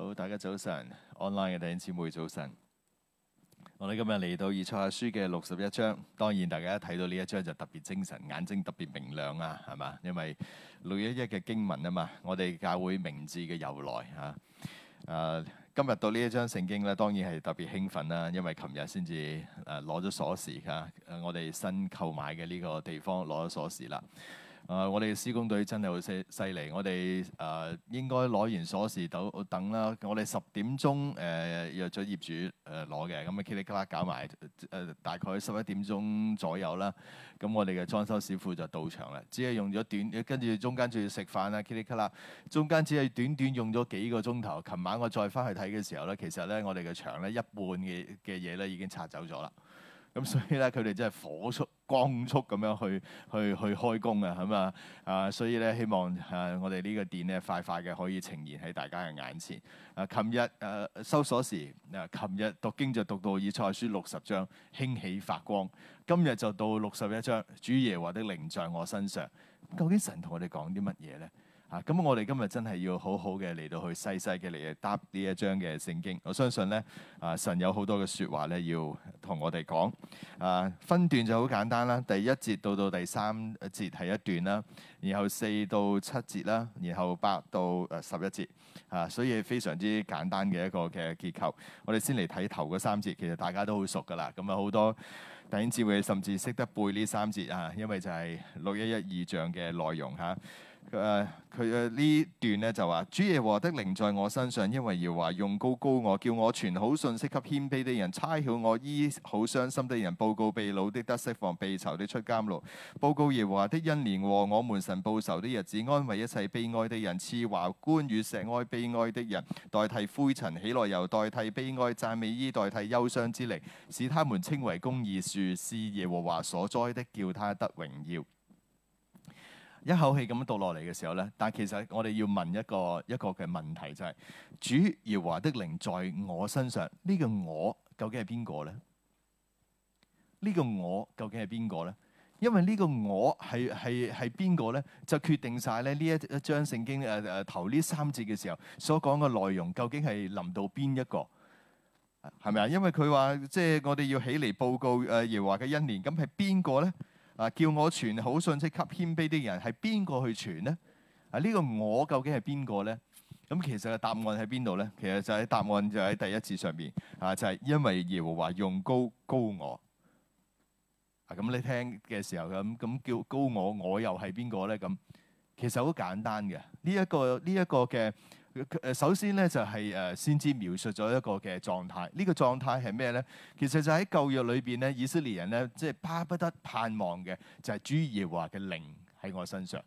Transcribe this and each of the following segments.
好，大家早晨，online 嘅弟兄姊妹早晨。我哋今日嚟到以賽亞書嘅六十一章，當然大家一睇到呢一章就特別精神，眼睛特別明亮啊，係嘛？因為六一一嘅經文啊嘛，我哋教會名字嘅由來啊。誒，今日到呢一章聖經咧，當然係特別興奮啦，因為琴日先至誒攞咗鎖匙啊，我哋新購買嘅呢個地方攞咗鎖匙啦。啊、呃！我哋施工隊真係好犀犀利，我哋啊、呃、應該攞完鎖匙就等啦。我哋十點鐘誒、呃、約咗業主誒攞嘅，咁啊噼里啪啦搞埋誒、呃、大概十一點鐘左右啦。咁我哋嘅裝修師傅就到場啦，只係用咗短，跟住中間仲要食飯啊，噼里啪啦，中間只係短短用咗幾個鐘頭。琴晚我再翻去睇嘅時候咧，其實咧我哋嘅牆咧一半嘅嘅嘢咧已經拆走咗啦。咁所以咧佢哋真係火速。光速咁樣去去去開工啊，係啊啊！所以咧，希望啊，我哋呢個電咧快快嘅可以呈現喺大家嘅眼前。啊，琴日誒收鎖時，啊，琴日讀經就讀到以賽亞書六十章，興起發光，今日就到六十一章，主耶和華的靈在我身上。究竟神同我哋講啲乜嘢咧？啊！咁我哋今日真係要好好嘅嚟到去細細嘅嚟搭呢一章嘅聖經。我相信咧，啊，神有好多嘅説話咧要同我哋講。啊，分段就好簡單啦，第一節到到第三節係一段啦，然後四到七節啦，然後八到誒十一節啊，所以非常之簡單嘅一個嘅結構。我哋先嚟睇頭嗰三節，其實大家都好熟噶啦。咁啊，好多弟兄姊妹甚至識得背呢三節啊，因為就係六一一二章嘅內容嚇。啊佢誒佢誒呢段呢就話：主耶和華的靈在我身上，因為耶和華用膏膏我，叫我傳好信息給謙卑的人，差遣我醫好傷心的人，報告被擄的得釋放，被囚的出監牢，報告耶和華的恩年和我們神報仇的日子，安慰一切悲哀的人，賜華冠與錫安悲哀的人，代替灰塵喜樂油，又代替悲哀讚美衣，代替憂傷之靈，使他們稱為公義樹，是耶和華所栽的，叫他得榮耀。一口氣咁樣讀落嚟嘅時候咧，但係其實我哋要問一個一個嘅問題，就是，就係主耶和華的靈在我身上，呢、這個我究竟係邊個咧？呢、這個我究竟係邊個咧？因為呢個我係係係邊個咧，就決定晒咧呢一一張聖經誒誒頭呢三節嘅時候所講嘅內容究竟係臨到邊一個？係咪啊？因為佢話即係我哋要起嚟報告誒耶和華嘅恩年，咁係邊個咧？啊！叫我傳好信息給謙卑的人，係邊個去傳呢？啊！呢、這個我究竟係邊個呢？咁、啊、其實嘅答案喺邊度呢？其實就喺答案就喺第一節上邊啊！就係、是、因為耶和華用膏膏我啊！咁你聽嘅時候咁咁叫膏我，我又係邊個呢？咁其實好簡單嘅，呢、這、一個呢一、這個嘅。誒首先咧就係誒先知描述咗一個嘅狀態，這個、狀態呢個狀態係咩咧？其實就喺舊約裏邊咧，以色列人咧即係巴不得盼望嘅就係主耶和華嘅靈喺我身上。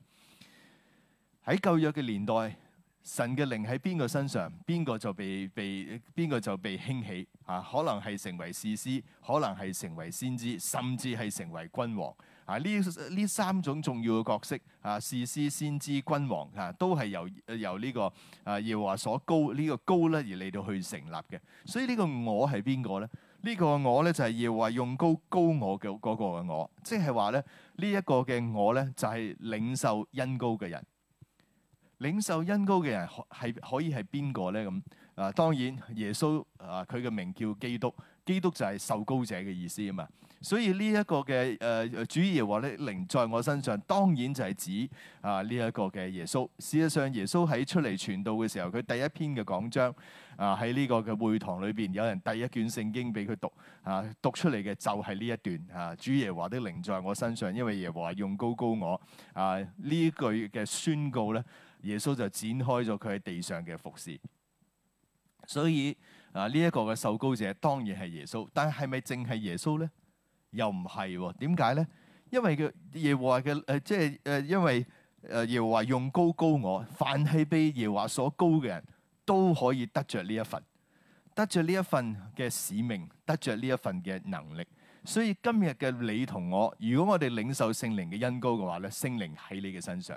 喺舊約嘅年代，神嘅靈喺邊個身上，邊個就被就被邊個就被興起啊？可能係成為士師，可能係成為先知，甚至係成為君王。啊！呢呢三種重要嘅角色啊，士師、先知、君王啊，都係由由呢個啊耶和華所高呢個高咧而嚟到去成立嘅。所以呢個我係邊個咧？呢個我咧就係耶和華用高高我嘅嗰個嘅我，即係話咧呢一個嘅我咧就係領受恩高嘅人。領受恩高嘅人係可以係邊個咧？咁啊，當然耶穌啊，佢嘅名叫基督，基督就係受高者嘅意思啊嘛。所以呢一個嘅誒，主耶和華嘅靈在我身上，當然就係指啊呢一個嘅耶穌。事實上，耶穌喺出嚟傳道嘅時候，佢第一篇嘅講章啊喺呢個嘅會堂裏邊，有人遞一卷聖經俾佢讀啊，讀出嚟嘅就係呢一段啊。主耶和華的靈在我身上，因為耶和華用膏膏我啊，呢句嘅宣告咧，耶穌就展開咗佢喺地上嘅服侍。所以啊呢一個嘅受膏者當然係耶穌，但係咪淨係耶穌咧？又唔係喎。點解咧？因為佢耶和華嘅誒，即係誒，因為誒耶和華用膏膏我，凡係俾耶和華所膏嘅人都可以得著呢一份，得著呢一份嘅使命，得著呢一份嘅能力。所以今日嘅你同我，如果我哋領受聖靈嘅恩膏嘅話咧，聖靈喺你嘅身上，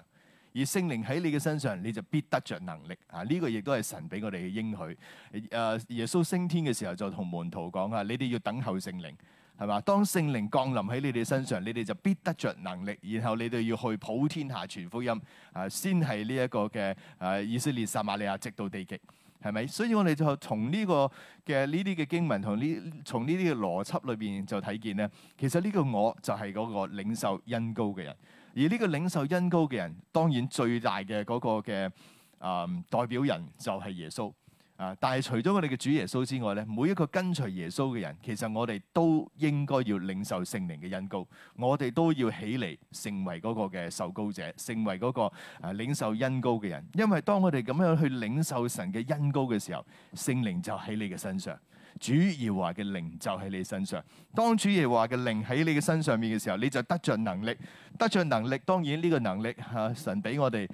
而聖靈喺你嘅身上，你就必得著能力啊！呢個亦都係神俾我哋嘅應許。誒，耶穌升天嘅時候就同門徒講啊：你哋要等候聖靈。係嘛？當聖靈降臨喺你哋身上，你哋就必得着能力，然後你哋要去普天下傳福音，啊、呃，先係呢一個嘅啊、呃、以色列撒瑪利亞直到地極，係咪？所以我哋就從呢個嘅呢啲嘅經文同呢從呢啲嘅邏輯裏邊就睇見咧，其實呢個我就係嗰個領受恩高嘅人，而呢個領受恩高嘅人，當然最大嘅嗰個嘅啊、呃、代表人就係耶穌。啊！但係除咗我哋嘅主耶穌之外咧，每一個跟隨耶穌嘅人，其實我哋都應該要領受聖靈嘅恩膏。我哋都要起嚟成為嗰個嘅受膏者，成為嗰個啊領受恩膏嘅人。因為當我哋咁樣去領受神嘅恩膏嘅時候，聖靈就喺你嘅身上，主耶和華嘅靈就喺你身上。當主耶和華嘅靈喺你嘅身上面嘅時候，你就得着能力，得着能力。當然呢個能力嚇、啊、神俾我哋。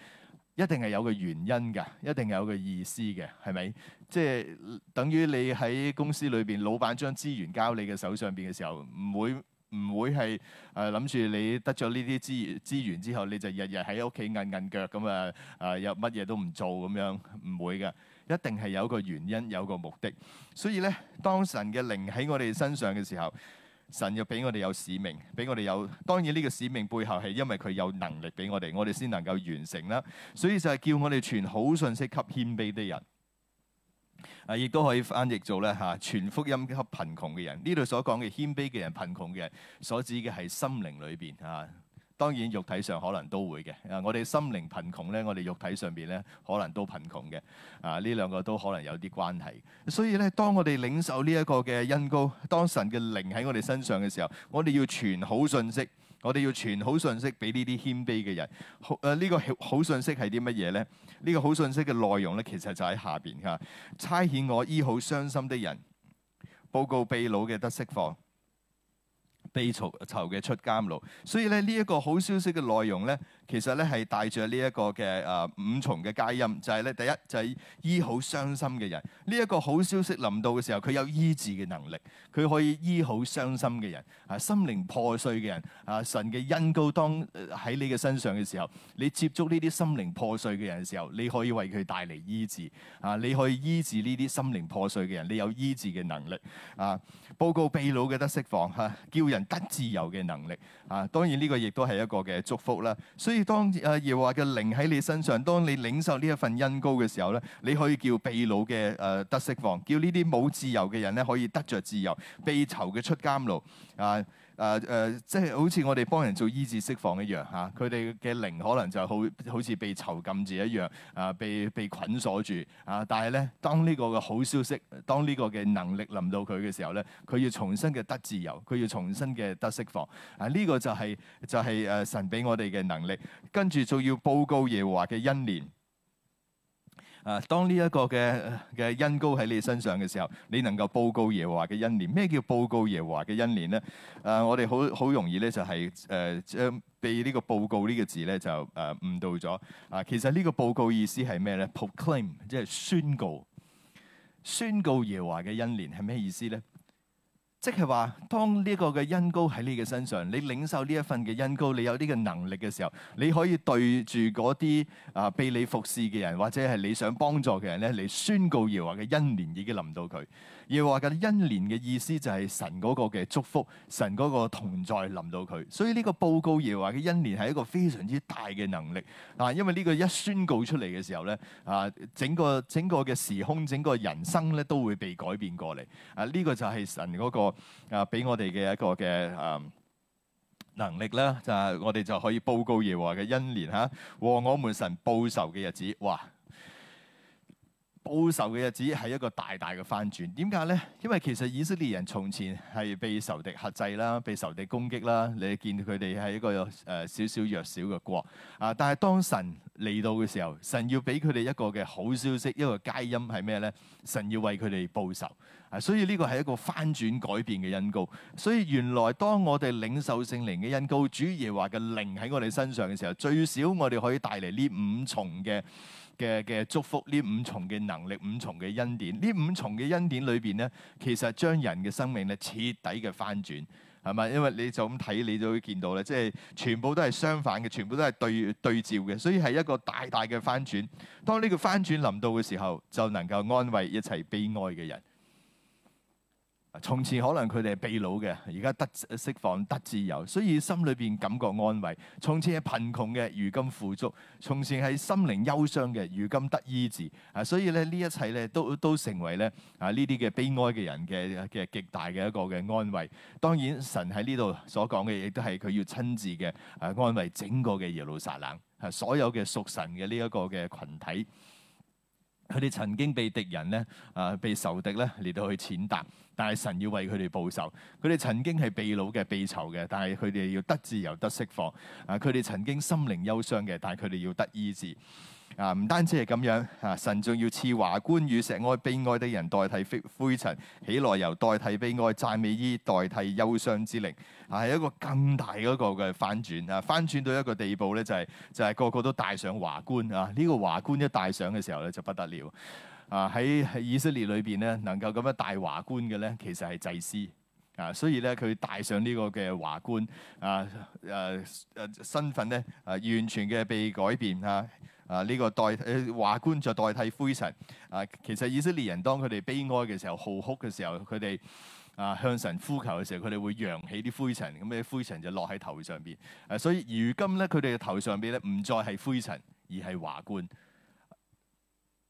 一定係有個原因㗎，一定有個意思嘅，係咪？即係等於你喺公司裏邊，老闆將資源交你嘅手上邊嘅時候，唔會唔會係誒諗住你得咗呢啲資源資源之後，你就日日喺屋企韌韌腳咁啊啊又乜嘢都唔做咁樣，唔會㗎。一定係有個原因，有個目的。所以咧，當神嘅靈喺我哋身上嘅時候，神要俾我哋有使命，俾我哋有，當然呢個使命背後係因為佢有能力俾我哋，我哋先能夠完成啦。所以就係叫我哋傳好信息給謙卑的人，啊，亦都可以翻譯做咧嚇，傳，啊，福音給貧窮嘅人。呢度所講嘅謙卑嘅人，貧窮嘅人，所指嘅係心靈裏邊啊。當然，肉體上可能都會嘅。啊，我哋心靈貧窮咧，我哋肉體上邊咧可能都貧窮嘅。啊，呢兩個都可能有啲關係。所以咧，當我哋領受呢一個嘅恩膏，當神嘅靈喺我哋身上嘅時候，我哋要傳好信息，我哋要傳好信息俾呢啲謙卑嘅人。好，誒、呃、呢、這個好信息係啲乜嘢咧？呢、這個好信息嘅內容咧，其實就喺下邊嚇、啊。差遣我醫好傷心的人，報告被擄嘅得釋放。被囚嘅出監牢，所以咧呢一個好消息嘅內容咧。其實咧係帶著呢一個嘅誒五重嘅佳音，就係、是、咧第一就係、是、醫好傷心嘅人。呢、這、一個好消息臨到嘅時候，佢有醫治嘅能力，佢可以醫好傷心嘅人啊，心靈破碎嘅人啊，神嘅恩膏當喺你嘅身上嘅時候，你接觸呢啲心靈破碎嘅人嘅時候，你可以為佢帶嚟醫治啊，你可以醫治呢啲心靈破碎嘅人，你有醫治嘅能力啊，報告被擄嘅得釋放嚇，叫人得自由嘅能力。啊，當然呢個亦都係一個嘅祝福啦。所以當啊耶和華嘅靈喺你身上，當你領受呢一份恩膏嘅時候咧，你可以叫被擄嘅誒得釋放，叫呢啲冇自由嘅人咧可以得着自由，被囚嘅出監牢。啊。誒誒、呃，即係好似我哋幫人做醫治釋放一樣嚇，佢哋嘅靈可能就好好似被囚禁住一樣，啊，被被捆鎖住啊。但係咧，當呢個嘅好消息，當呢個嘅能力臨到佢嘅時候咧，佢要重新嘅得自由，佢要重新嘅得釋放。啊，呢、這個就係、是、就係、是、誒神俾我哋嘅能力，跟住仲要報告耶和華嘅恩年。啊！當呢一個嘅嘅恩膏喺你身上嘅時候，你能夠報告耶和華嘅恩年。咩叫報告耶和華嘅恩年咧？啊！我哋好好容易咧、就是，就係誒將被呢個報告呢個字咧就誒誤導咗。啊！其實呢個報告意思係咩咧？Proclaim 即係宣告，宣告耶和華嘅恩年係咩意思咧？即係話，當呢個嘅恩膏喺你嘅身上，你領受呢一份嘅恩膏，你有呢個能力嘅時候，你可以對住嗰啲啊被你服侍嘅人，或者係你想幫助嘅人咧，嚟宣告耶和華嘅恩年已經臨到佢。耶和華嘅恩年嘅意思就係神嗰個嘅祝福，神嗰個同在臨到佢，所以呢個報告耶和華嘅恩年係一個非常之大嘅能力啊！因為呢個一宣告出嚟嘅時候咧啊，整個整個嘅時空，整個人生咧都會被改變過嚟啊！呢、這個就係神嗰、那個啊俾我哋嘅一個嘅啊能力啦，就係、是、我哋就可以報告耶和華嘅恩年吓、啊，和我們神報仇嘅日子，哇！報仇嘅日子係一個大大嘅翻轉，點解咧？因為其實以色列人從前係被仇敵克制啦，被仇敵攻擊啦，你見佢哋係一個誒少少弱小嘅國啊。但係當神嚟到嘅時候，神要俾佢哋一個嘅好消息，一個佳音係咩咧？神要為佢哋報仇啊！所以呢個係一個翻轉改變嘅恩膏。所以原來當我哋領受聖靈嘅恩膏、主耶和華嘅靈喺我哋身上嘅時候，最少我哋可以帶嚟呢五重嘅。嘅嘅祝福，呢五重嘅能力、五重嘅恩典。呢五重嘅恩典裏邊咧，其實將人嘅生命咧徹底嘅翻轉係咪？因為你就咁睇你就會見到咧，即係全部都係相反嘅，全部都係對對照嘅，所以係一個大大嘅翻轉。當呢個翻轉臨到嘅時候，就能夠安慰一切悲哀嘅人。從前可能佢哋係被擄嘅，而家得釋放得自由，所以心裏邊感覺安慰。從前係貧窮嘅，如今富足；從前係心靈憂傷嘅，如今得醫治啊！所以咧，呢一切咧都都成為咧啊呢啲嘅悲哀嘅人嘅嘅極大嘅一個嘅安慰。當然，神喺呢度所講嘅亦都係佢要親自嘅啊安慰整個嘅耶路撒冷啊，所有嘅屬神嘅呢一個嘅群體，佢哋曾經被敵人咧啊被仇敵咧嚟到去踐踏。但係神要為佢哋報仇，佢哋曾經係被擄嘅、被囚嘅，但係佢哋要得自由、得釋放。啊，佢哋曾經心靈憂傷嘅，但係佢哋要得醫治。啊，唔單止係咁樣，啊，神仲要賜華冠與錫安悲哀的人代，代替灰灰塵，喜樂油代替悲哀、讚美衣代替憂傷之靈。啊，係一個更大嗰個嘅翻轉啊，翻轉到一個地步咧，就係、是、就係、是、個個都戴上華冠啊！呢、這個華冠一戴上嘅時候咧，就不得了。啊，喺喺以色列裏邊咧，能夠咁樣戴華冠嘅咧，其實係祭司啊，所以咧，佢戴上呢個嘅華冠啊，誒誒、啊、身份咧啊完全嘅被改變啊。啊呢、這個代華冠就代替灰塵啊，其實以色列人當佢哋悲哀嘅時候、號哭嘅時候、佢哋啊向神呼求嘅時候，佢哋會揚起啲灰塵，咁、嗯、啲灰塵就落喺頭上邊、啊。所以如今咧，佢哋嘅頭上邊咧唔再係灰塵，而係華冠。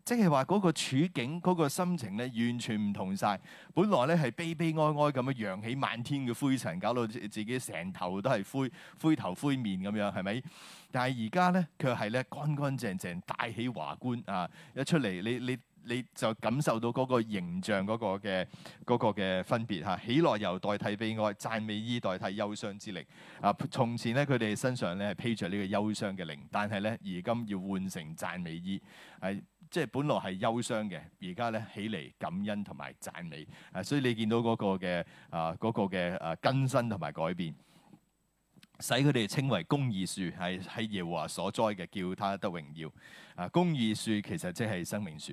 即係話嗰個處境、嗰個心情咧，完全唔同晒。本來咧係悲悲哀哀咁樣揚起漫天嘅灰塵，搞到自己成頭都係灰灰頭灰面咁樣，係咪？但係而家咧，卻係咧乾乾淨淨，戴起華冠啊！一出嚟，你你你就感受到嗰個形象嗰個嘅嗰個嘅分別嚇。喜、啊、樂油代替悲哀，讚美衣代替憂傷之靈。啊，從前咧佢哋身上咧係披着呢個憂傷嘅靈，但係咧而今要換成讚美衣，係。即係本來係憂傷嘅，而家咧起嚟感恩同埋讚美、啊，所以你見到嗰個嘅啊嗰個嘅啊更新同埋改變，使佢哋稱為公義樹，係喺耶和華所栽嘅，叫他得榮耀。啊，公義樹其實即係生命樹。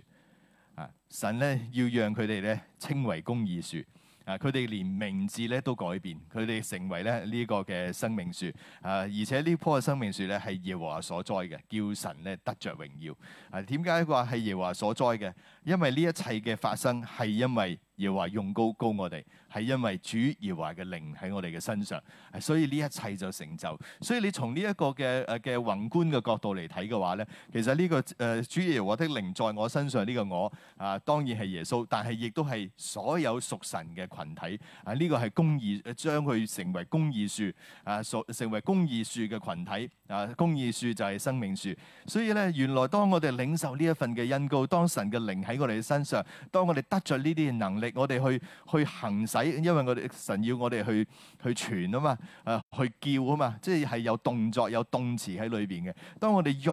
啊，神咧要讓佢哋咧稱為公義樹。啊！佢哋連名字咧都改變，佢哋成為咧呢、這個嘅生命樹啊！而且呢棵嘅生命樹咧係耶和華所栽嘅，叫神咧得着榮耀啊！點解話係耶和華所栽嘅？因為呢一切嘅發生係因為。耶和華用膏膏我哋，係因為主耶和華嘅靈喺我哋嘅身上，所以呢一切就成就。所以你從呢一個嘅誒嘅宏觀嘅角度嚟睇嘅話咧，其實呢、呢個誒、呃、主耶和華的靈在我身上呢、呢個我啊當然係耶穌，但係亦都係所有屬神嘅群體啊。呢、呢個係公義，將佢成為公義樹啊，所成為公義樹嘅群體啊，公義樹就係生命樹。所以咧，原來當我哋領受呢一份嘅恩膏，當神嘅靈喺我哋嘅身上，當我哋得着呢啲能力。我哋去去行使，因為我哋神要我哋去去傳啊嘛，誒、啊、去叫啊嘛，即係有動作有動詞喺裏邊嘅。當我哋用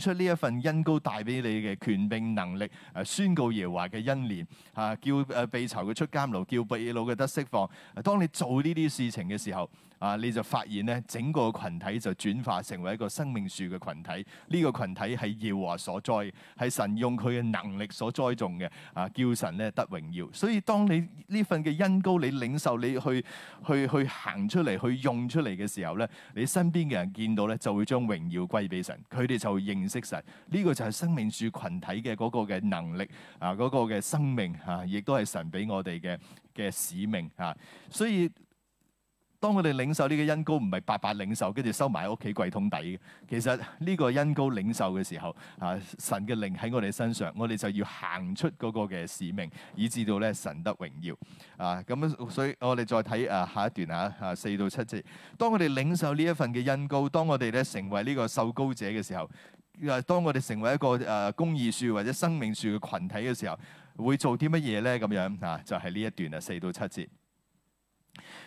出呢一份恩膏帶俾你嘅權柄能力，誒、啊、宣告耶和華嘅恩年，吓、啊、叫誒被囚嘅出監牢，叫被擄嘅得釋放、啊。當你做呢啲事情嘅時候。啊！你就發現咧，整個群體就轉化成為一個生命樹嘅群體。呢個群體係耀華所栽，係神用佢嘅能力所栽種嘅。啊，叫神咧得榮耀。所以當你呢份嘅恩膏，你領受，你去去去行出嚟，去用出嚟嘅時候咧，你身邊嘅人見到咧就會將榮耀歸俾神，佢哋就會認識神。呢個就係生命樹群體嘅嗰個嘅能力啊，嗰個嘅生命啊，亦都係神俾我哋嘅嘅使命啊。所以。當我哋領受呢個恩膏，唔係白白領受，跟住收埋喺屋企櫃桶底嘅。其實呢個恩膏領受嘅時候，啊，神嘅靈喺我哋身上，我哋就要行出嗰個嘅使命，以致到咧神得榮耀啊。咁所以我哋再睇，啊，下一段吓、啊，四到七節。當我哋領受呢一份嘅恩膏，當我哋咧成為呢個受膏者嘅時候，啊，當我哋成為一個誒、啊、公義樹或者生命樹嘅群體嘅時候，會做啲乜嘢咧？咁樣啊，就係、是、呢一段啊，四到七節。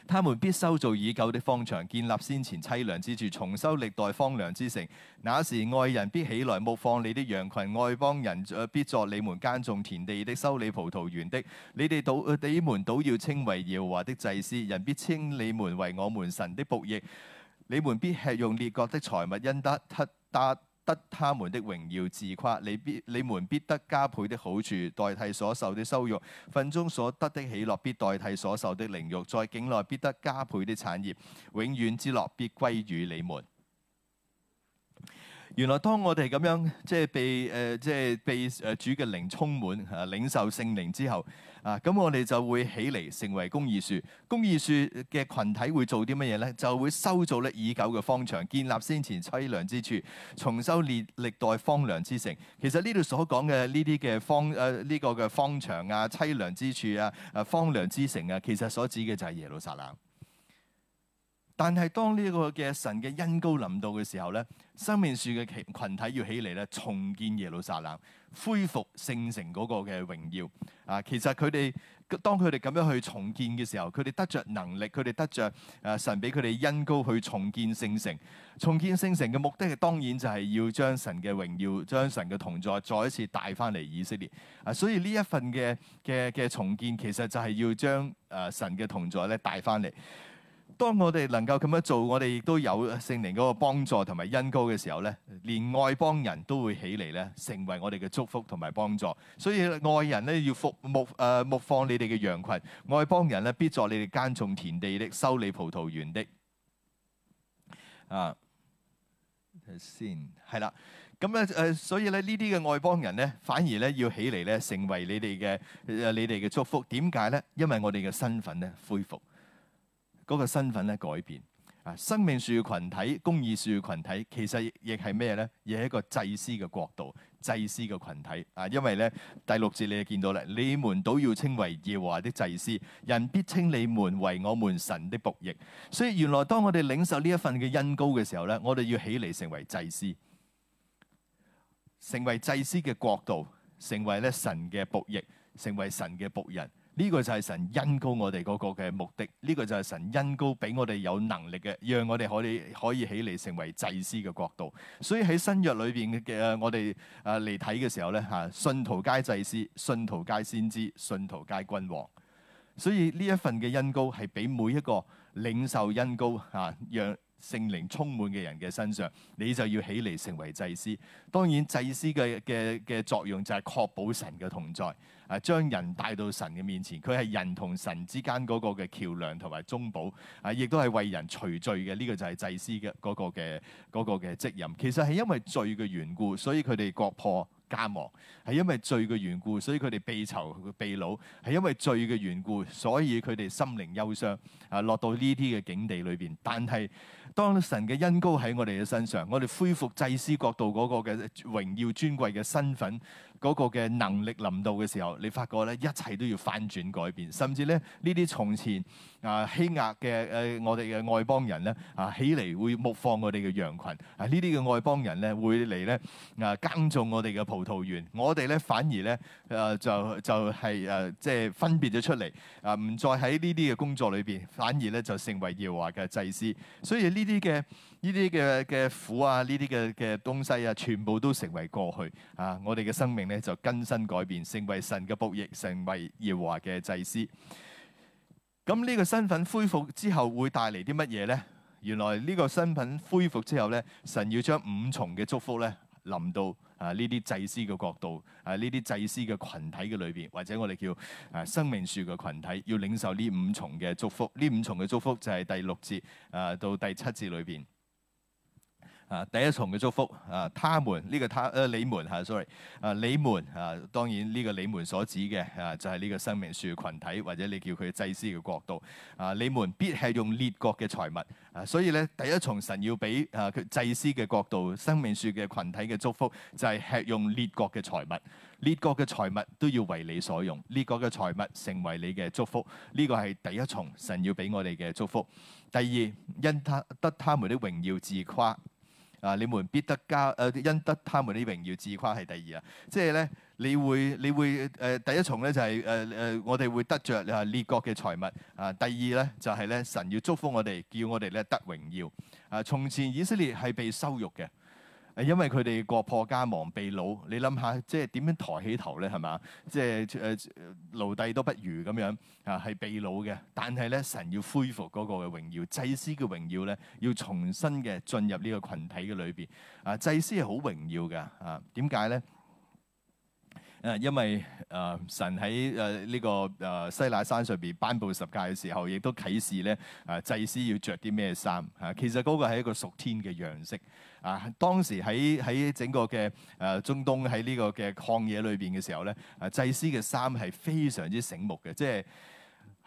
他們必修造已久的荒場，建立先前凄涼之處，重修歷代荒涼之城。那時愛人必起來，牧放你的羊群；外邦人誒、呃、必作你們耕種田地的、修理葡萄園的。你哋倒、呃、你們倒要稱為耶和華的祭司，人必稱你們為我們神的僕役。你們必吃用列國的財物，因得七搭。得他們的榮耀自誇，你必你們必得加倍的好處，代替所受的羞辱；份中所得的喜樂，必代替所受的凌辱，在境內必得加倍的產業，永遠之樂必歸於你們。原來當我哋咁樣即係被誒、呃、即係被誒主嘅靈充滿啊，領受聖靈之後啊，咁我哋就會起嚟成為公義樹。公義樹嘅群體會做啲乜嘢咧？就會修造咧已久嘅荒場，建立先前淒涼之處，重修列歷代荒涼之城。其實呢度所講嘅呢啲嘅荒誒呢、呃這個嘅荒場啊、淒涼之處啊、誒荒涼之城啊，其實所指嘅就係耶路撒冷。但係當呢一個嘅神嘅恩高臨到嘅時候咧。生命樹嘅群羣體要起嚟咧，重建耶路撒冷，恢復聖城嗰個嘅榮耀。啊，其實佢哋當佢哋咁樣去重建嘅時候，佢哋得着能力，佢哋得着誒、啊、神俾佢哋恩膏去重建聖城。重建聖城嘅目的，係當然就係要將神嘅榮耀、將神嘅同在再一次帶翻嚟以色列。啊，所以呢一份嘅嘅嘅重建，其實就係要將誒、啊、神嘅同在咧帶翻嚟。當我哋能夠咁樣做，我哋亦都有聖靈嗰個幫助同埋恩膏嘅時候咧，連外邦人都會起嚟咧，成為我哋嘅祝福同埋幫助。所以外人咧要服牧，誒牧放你哋嘅羊羣；外邦人咧必助你哋耕種田地的，修理葡萄園的。啊，睇先，係啦。咁咧誒，所以咧呢啲嘅外邦人咧，反而咧要起嚟咧，成為你哋嘅誒你哋嘅祝福。點解咧？因為我哋嘅身份咧恢復。嗰個身份咧改變啊！生命樹嘅群體、公義樹嘅群體，其實亦係咩呢？亦係一個祭司嘅國度、祭司嘅群體啊！因為咧第六節你就見到啦，你們都要稱為耶和華的祭司，人必稱你們為我們神的僕役。所以原來當我哋領受呢一份嘅恩膏嘅時候咧，我哋要起嚟成為祭司，成為祭司嘅國度，成為咧神嘅僕役，成為神嘅僕人。呢個就係神恩膏我哋嗰個嘅目的，呢、這個就係神恩膏俾我哋有能力嘅，讓我哋可以可以起嚟成為祭司嘅國度。所以喺新約裏邊嘅我哋啊嚟睇嘅時候咧，嚇信徒皆祭司，信徒皆先知，信徒皆君王。所以呢一份嘅恩膏係俾每一個領受恩膏嚇、啊，讓。聖靈充滿嘅人嘅身上，你就要起嚟成為祭司。當然，祭司嘅嘅嘅作用就係確保神嘅同在，啊將人帶到神嘅面前。佢係人同神之間嗰個嘅橋梁同埋中保，啊亦都係為人除罪嘅。呢、這個就係祭司嘅嗰個嘅嗰嘅職任。其實係因為罪嘅緣故，所以佢哋割破，家亡係因為罪嘅緣故，所以佢哋被囚被虜；係因為罪嘅緣故，所以佢哋心靈憂傷啊，落到呢啲嘅境地裏邊。但係當神嘅恩膏喺我哋嘅身上，我哋恢復祭司國度嗰個嘅榮耀尊貴嘅身份。嗰個嘅能力臨到嘅時候，你發覺咧，一切都要翻轉改變，甚至咧呢啲從前啊欺壓嘅誒、啊、我哋嘅外邦人咧啊起嚟會牧放我哋嘅羊群。啊呢啲嘅外邦人咧會嚟咧啊耕種我哋嘅葡萄園，我哋咧反而咧誒就就係誒即係分別咗出嚟啊唔再喺呢啲嘅工作裏邊，反而咧、啊就，就，就是啊就是啊、就成為耶和華嘅祭司。所以呢啲嘅。呢啲嘅嘅苦啊，呢啲嘅嘅東西啊，全部都成為過去啊！我哋嘅生命咧就更新改變，成為神嘅僕役，成為耶和華嘅祭司。咁、啊、呢、呢個身份恢復之後會帶嚟啲乜嘢咧？原來呢個身份恢復之後咧，神要將五重嘅祝福咧臨到啊呢啲、啊、祭司嘅角度啊呢啲祭司嘅群體嘅裏邊，或者我哋叫啊生命樹嘅群體，要領受呢五重嘅祝福。呢五重嘅祝福就係第六節啊到第七節裏邊。啊！第一重嘅祝福啊，他們呢個他誒你們嚇，sorry 啊你們啊，當然呢個你們所指嘅啊就係、是、呢個生命樹群體或者你叫佢祭司嘅國度啊。你們必係用列國嘅財物啊，所以咧第一重神要俾啊佢祭司嘅國度生命樹嘅群體嘅祝福就係吃用列國嘅財物，列國嘅財物都要為你所用，列國嘅財物成為你嘅祝福。呢個係第一重神要俾我哋嘅祝福。第二，因他得他們的榮耀自誇。啊！你們必得加誒、呃、因得他們的榮耀自誇係第二啊，即係咧你會你會誒、呃、第一重咧就係誒誒我哋會得著啊列國嘅財物啊、呃，第二咧就係咧神要祝福我哋，叫我哋咧得榮耀啊。從、呃、前以色列係被羞辱嘅。因為佢哋國破家亡、被擄，你諗下，即係點樣抬起頭咧？係嘛？即係誒、呃、奴隸都不如咁樣啊，係被擄嘅。但係咧，神要恢復嗰個嘅榮耀，祭司嘅榮耀咧，要重新嘅進入呢個群體嘅裏邊。啊，祭司係好榮耀嘅啊？點解咧？誒、啊，因為誒、呃、神喺誒呢個誒、呃、西乃山上邊頒布十誡嘅時候，亦都啟示咧誒、啊、祭司要着啲咩衫？啊，其實嗰個係一個屬天嘅樣式。啊！當時喺喺整個嘅誒、呃、中東喺呢個嘅曠野裏邊嘅時候咧，誒、啊、祭司嘅衫係非常之醒目嘅，即係。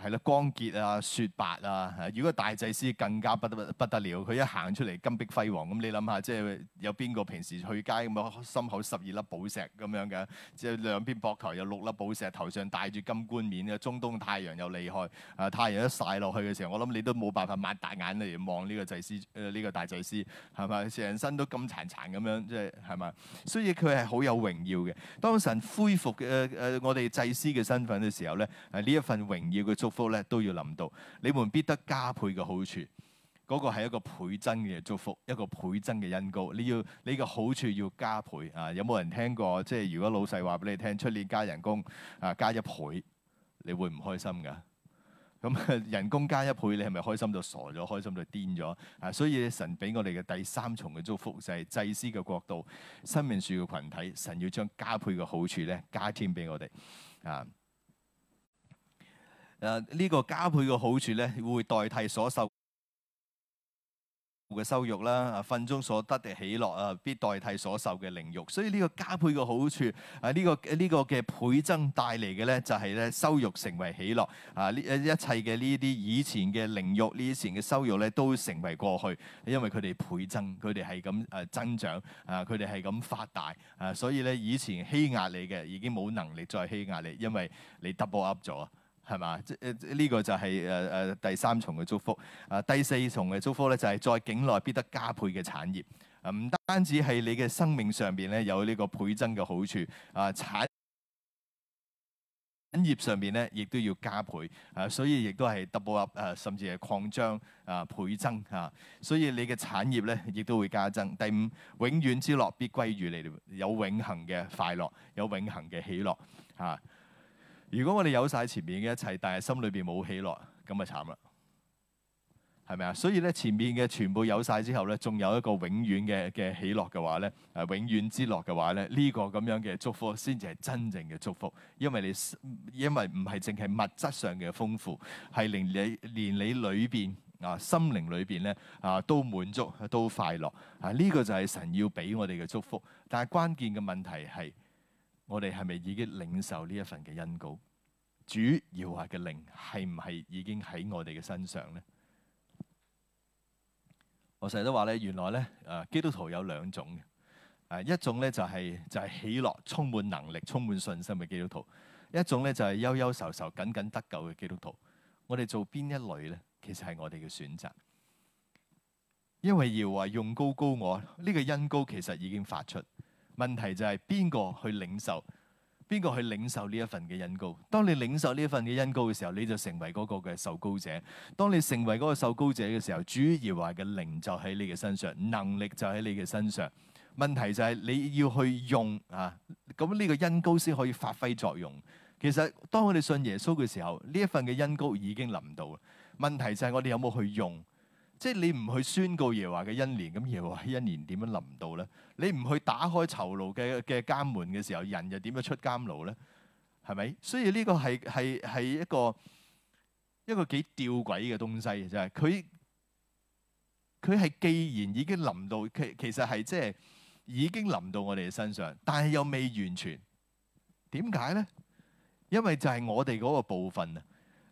係啦，光潔啊，雪白啊！如果大祭司更加不得不得了，佢一行出嚟金碧輝煌咁，你諗下，即係有邊個平時去街咁樣？心口十二粒寶石咁樣嘅，即係兩邊膊頭有六粒寶石，頭上戴住金冠冕嘅，中東太陽又厲害啊！太陽一曬落去嘅時候，我諗你都冇辦法擘大眼嚟望呢個祭司誒，呢、呃呢個大祭司係咪成身都金燦燦咁樣？即係係咪？所以佢係好有榮耀嘅。當神恢復誒誒、呃、我哋祭司嘅身份嘅時候咧，係呢一份榮耀嘅祝福咧都要臨到，你們必得加倍嘅好處，嗰、那個係一個倍增嘅祝福，一個倍增嘅恩膏。你要你嘅好處要加倍啊！有冇人聽過？即係如果老細話俾你聽，出年加人工啊，加一倍，你會唔開心噶？咁、嗯、人工加一倍，你係咪開心到傻咗？開心到癲咗啊！所以神俾我哋嘅第三重嘅祝福就係、是、祭司嘅國度、生命樹嘅群體，神要將加倍嘅好處咧加添俾我哋啊！誒呢、啊這個加倍嘅好處咧，會代替所受嘅羞辱啦。啊，分中所得嘅喜樂啊，必代替所受嘅凌辱。所以呢個加倍嘅好處啊，呢、這個呢、這個嘅倍增帶嚟嘅咧，就係咧羞辱成為喜樂啊！呢一切嘅呢啲以前嘅凌辱，呢啲以前嘅羞辱咧，都成為過去，因為佢哋倍增，佢哋係咁誒增長啊，佢哋係咁發大啊，所以咧以前欺壓你嘅已經冇能力再欺壓你，因為你 double up 咗。係嘛？即誒呢個就係誒誒第三重嘅祝福。啊，第四重嘅祝福咧就係、是、在境內必得加倍嘅產業。啊，唔單止係你嘅生命上邊咧有呢個倍增嘅好處。啊，產產業上邊咧亦都要加倍。啊，所以亦都係 double up，甚至係擴張啊，倍增啊。所以你嘅產業咧亦都會加增。第五，永遠之樂必歸於你，有永恆嘅快樂，有永恆嘅喜樂。啊。如果我哋有晒前面嘅一切，但係心裏邊冇喜樂，咁咪慘啦，係咪啊？所以咧，前面嘅全部有晒之後咧，仲有一個永遠嘅嘅喜樂嘅話咧，誒，永遠之樂嘅話咧，呢個咁樣嘅祝福先至係真正嘅祝福，因為你因為唔係淨係物質上嘅豐富，係令你連你裏邊啊心靈裏邊咧啊，都滿足都快樂啊，呢個就係神要俾我哋嘅祝福，但係關鍵嘅問題係。我哋係咪已經領受呢一份嘅恩膏？主耶和華嘅靈係唔係已經喺我哋嘅身上呢？我成日都話咧，原來咧誒，基督徒有兩種嘅，誒一種咧就係、是、就係、是、喜樂充滿能力充滿信心嘅基督徒，一種咧就係憂憂愁愁緊緊得救嘅基督徒。我哋做邊一類咧？其實係我哋嘅選擇，因為耶和華用膏膏我呢、這個恩膏，其實已經發出。問題就係邊個去領受？邊個去領受呢一份嘅恩膏？當你領受呢一份嘅恩膏嘅時候，你就成為嗰個嘅受膏者。當你成為嗰個受膏者嘅時候，主耶和華嘅靈就喺你嘅身上，能力就喺你嘅身上。問題就係你要去用啊！咁呢個恩膏先可以發揮作用。其實當我哋信耶穌嘅時候，呢一份嘅恩膏已經臨到。問題就係我哋有冇去用？即係你唔去宣告耶和華嘅恩年，咁耶和華恩年點樣臨到咧？你唔去打開囚牢嘅嘅監門嘅時候，人又點樣出監牢咧？係咪？所以呢個係係係一個一個幾吊詭嘅東西嘅，就係佢佢係既然已經臨到，其其實係即係已經臨到我哋嘅身上，但係又未完全。點解咧？因為就係我哋嗰個部分啊，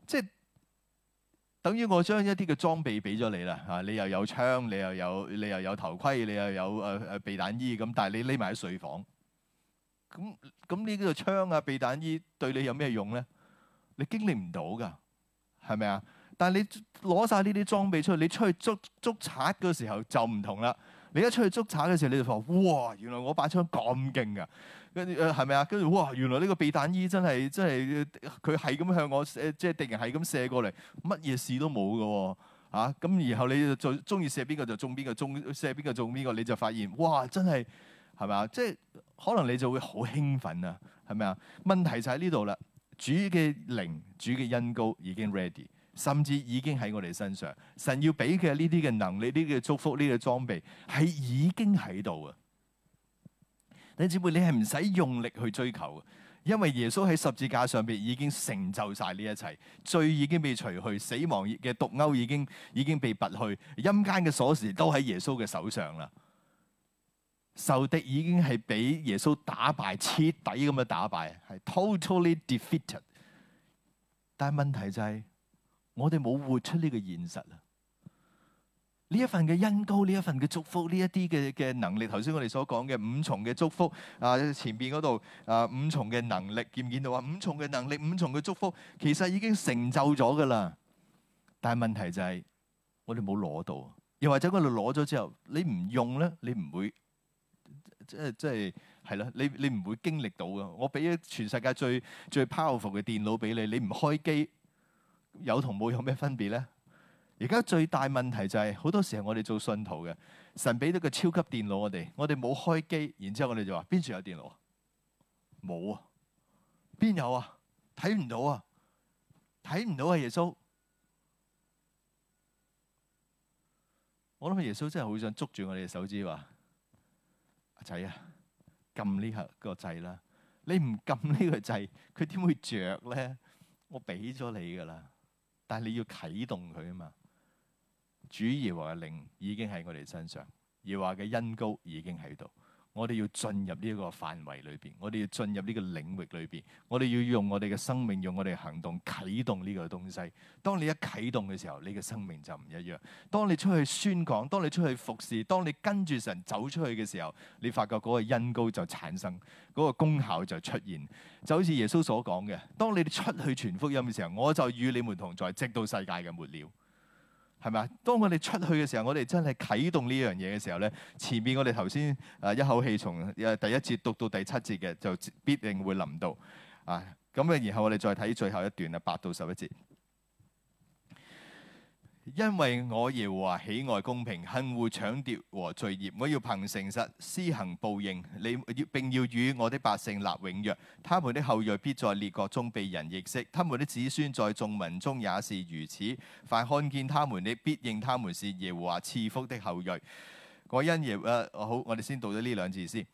即係。等於我將一啲嘅裝備俾咗你啦，啊，你又有槍，你又有你又有頭盔，你又有誒誒、呃呃、避彈衣咁，但係你匿埋喺睡房咁咁呢啲嘅槍啊避彈衣對你有咩用咧？你經歷唔到噶，係咪啊？但係你攞晒呢啲裝備出去，你出去捉捉賊嘅時候就唔同啦。你一出去捉賊嘅時候，你就話哇，原來我把槍咁勁噶。跟住誒係咪啊？跟住哇！原來呢個避彈衣真係真係佢係咁向我誒，即係敵人係咁射過嚟，乜嘢事都冇嘅喎啊！咁然後你就最鍾意射邊個就中邊個，中射邊個就中邊個，你就發現哇！真係係咪啊？即係可能你就會好興奮啊！係咪啊？問題就喺呢度啦。主嘅靈、主嘅恩膏已經 ready，甚至已經喺我哋身上。神要俾嘅呢啲嘅能力、呢啲嘅祝福、呢啲嘅裝備係已經喺度啊！你姊妹，你係唔使用力去追求，因為耶穌喺十字架上邊已經成就晒呢一切，罪已經被除去，死亡嘅毒鈎已經已經被拔去，陰間嘅鎖匙都喺耶穌嘅手上啦。仇敵已經係俾耶穌打敗徹底咁樣打敗，係 totally defeated。但係問題就係、是，我哋冇活出呢個現實啊！呢一份嘅恩膏，呢一份嘅祝福，呢一啲嘅嘅能力，頭先我哋所講嘅五重嘅祝福，啊、呃、前邊嗰度啊五重嘅能力，見唔見到呀？五重嘅能力，五重嘅祝福，其實已經成就咗噶啦。但係問題就係、是、我哋冇攞到，又或者嗰度攞咗之後，你唔用咧，你唔會即係即係係啦，你你唔會經歷到嘅。我俾咗全世界最最 powerful 嘅電腦俾你，你唔開機有同冇有咩分別咧？而家最大問題就係、係、好多時候我哋做信徒嘅，神俾到個超級電腦我哋，我哋冇開機，然之後我哋就話邊處有電腦？冇啊，邊有啊？睇唔、啊、到啊，睇唔到啊！耶穌，我諗啊，耶穌真係好想捉住我哋嘅手指話：阿仔啊，撳呢個個掣啦！你唔撳呢個掣，佢點會着咧？我俾咗你噶啦，但係你要啟動佢啊嘛！主耶和華靈已經喺我哋身上，耶和華嘅恩膏已經喺度，我哋要進入呢一個範圍裏邊，我哋要進入呢個領域裏邊，我哋要用我哋嘅生命，用我哋嘅行動啟動呢個東西。當你一啟動嘅時候，你嘅生命就唔一樣。當你出去宣講，當你出去服侍，當你跟住神走出去嘅時候，你發覺嗰個恩膏就產生，嗰、嗰個功效就出現。就好似耶穌所講嘅，當你哋出去傳福音嘅時候，我就與你們同在，直到世界嘅末了。係咪啊？當我哋出去嘅時候，我哋真係啟動呢樣嘢嘅時候咧，前面我哋頭先誒一口氣從誒第一節讀到第七節嘅，就必定會臨到啊！咁啊，然後我哋再睇最後一段啊，八到十一節。因為我耶和華喜愛公平，恨惡搶奪和罪孽。我要憑誠實施行報應，你要並要與我的百姓立永約。他們的後裔必在列國中被人認識，他們的子孫在眾民中也是如此。凡看見他們的，必認他們是耶和華賜福的後裔。我因耶，誒、呃、好，我哋先讀咗呢兩字先。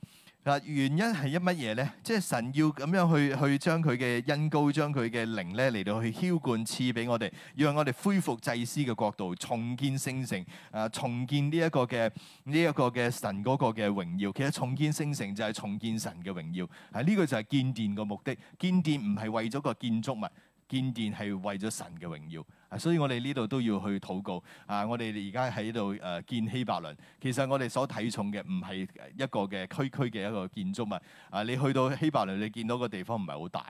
啊！原因係因乜嘢咧？即係神要咁樣去去將佢嘅恩膏，將佢嘅靈咧嚟到去澆灌賜俾我哋，讓我哋恢復祭司嘅國度，重建聖城。啊！重建呢一個嘅呢一個嘅神嗰個嘅榮耀。其實重建聖城就係重建神嘅榮耀。係、啊、呢、這個就係建殿嘅目的。建殿唔係為咗個建築物。建殿係為咗神嘅榮耀，所以我哋呢度都要去禱告啊！我哋而家喺度誒建希伯倫，其實我哋所睇重嘅唔係一個嘅區區嘅一個建築物啊！你去到希伯倫，你見到個地方唔係好大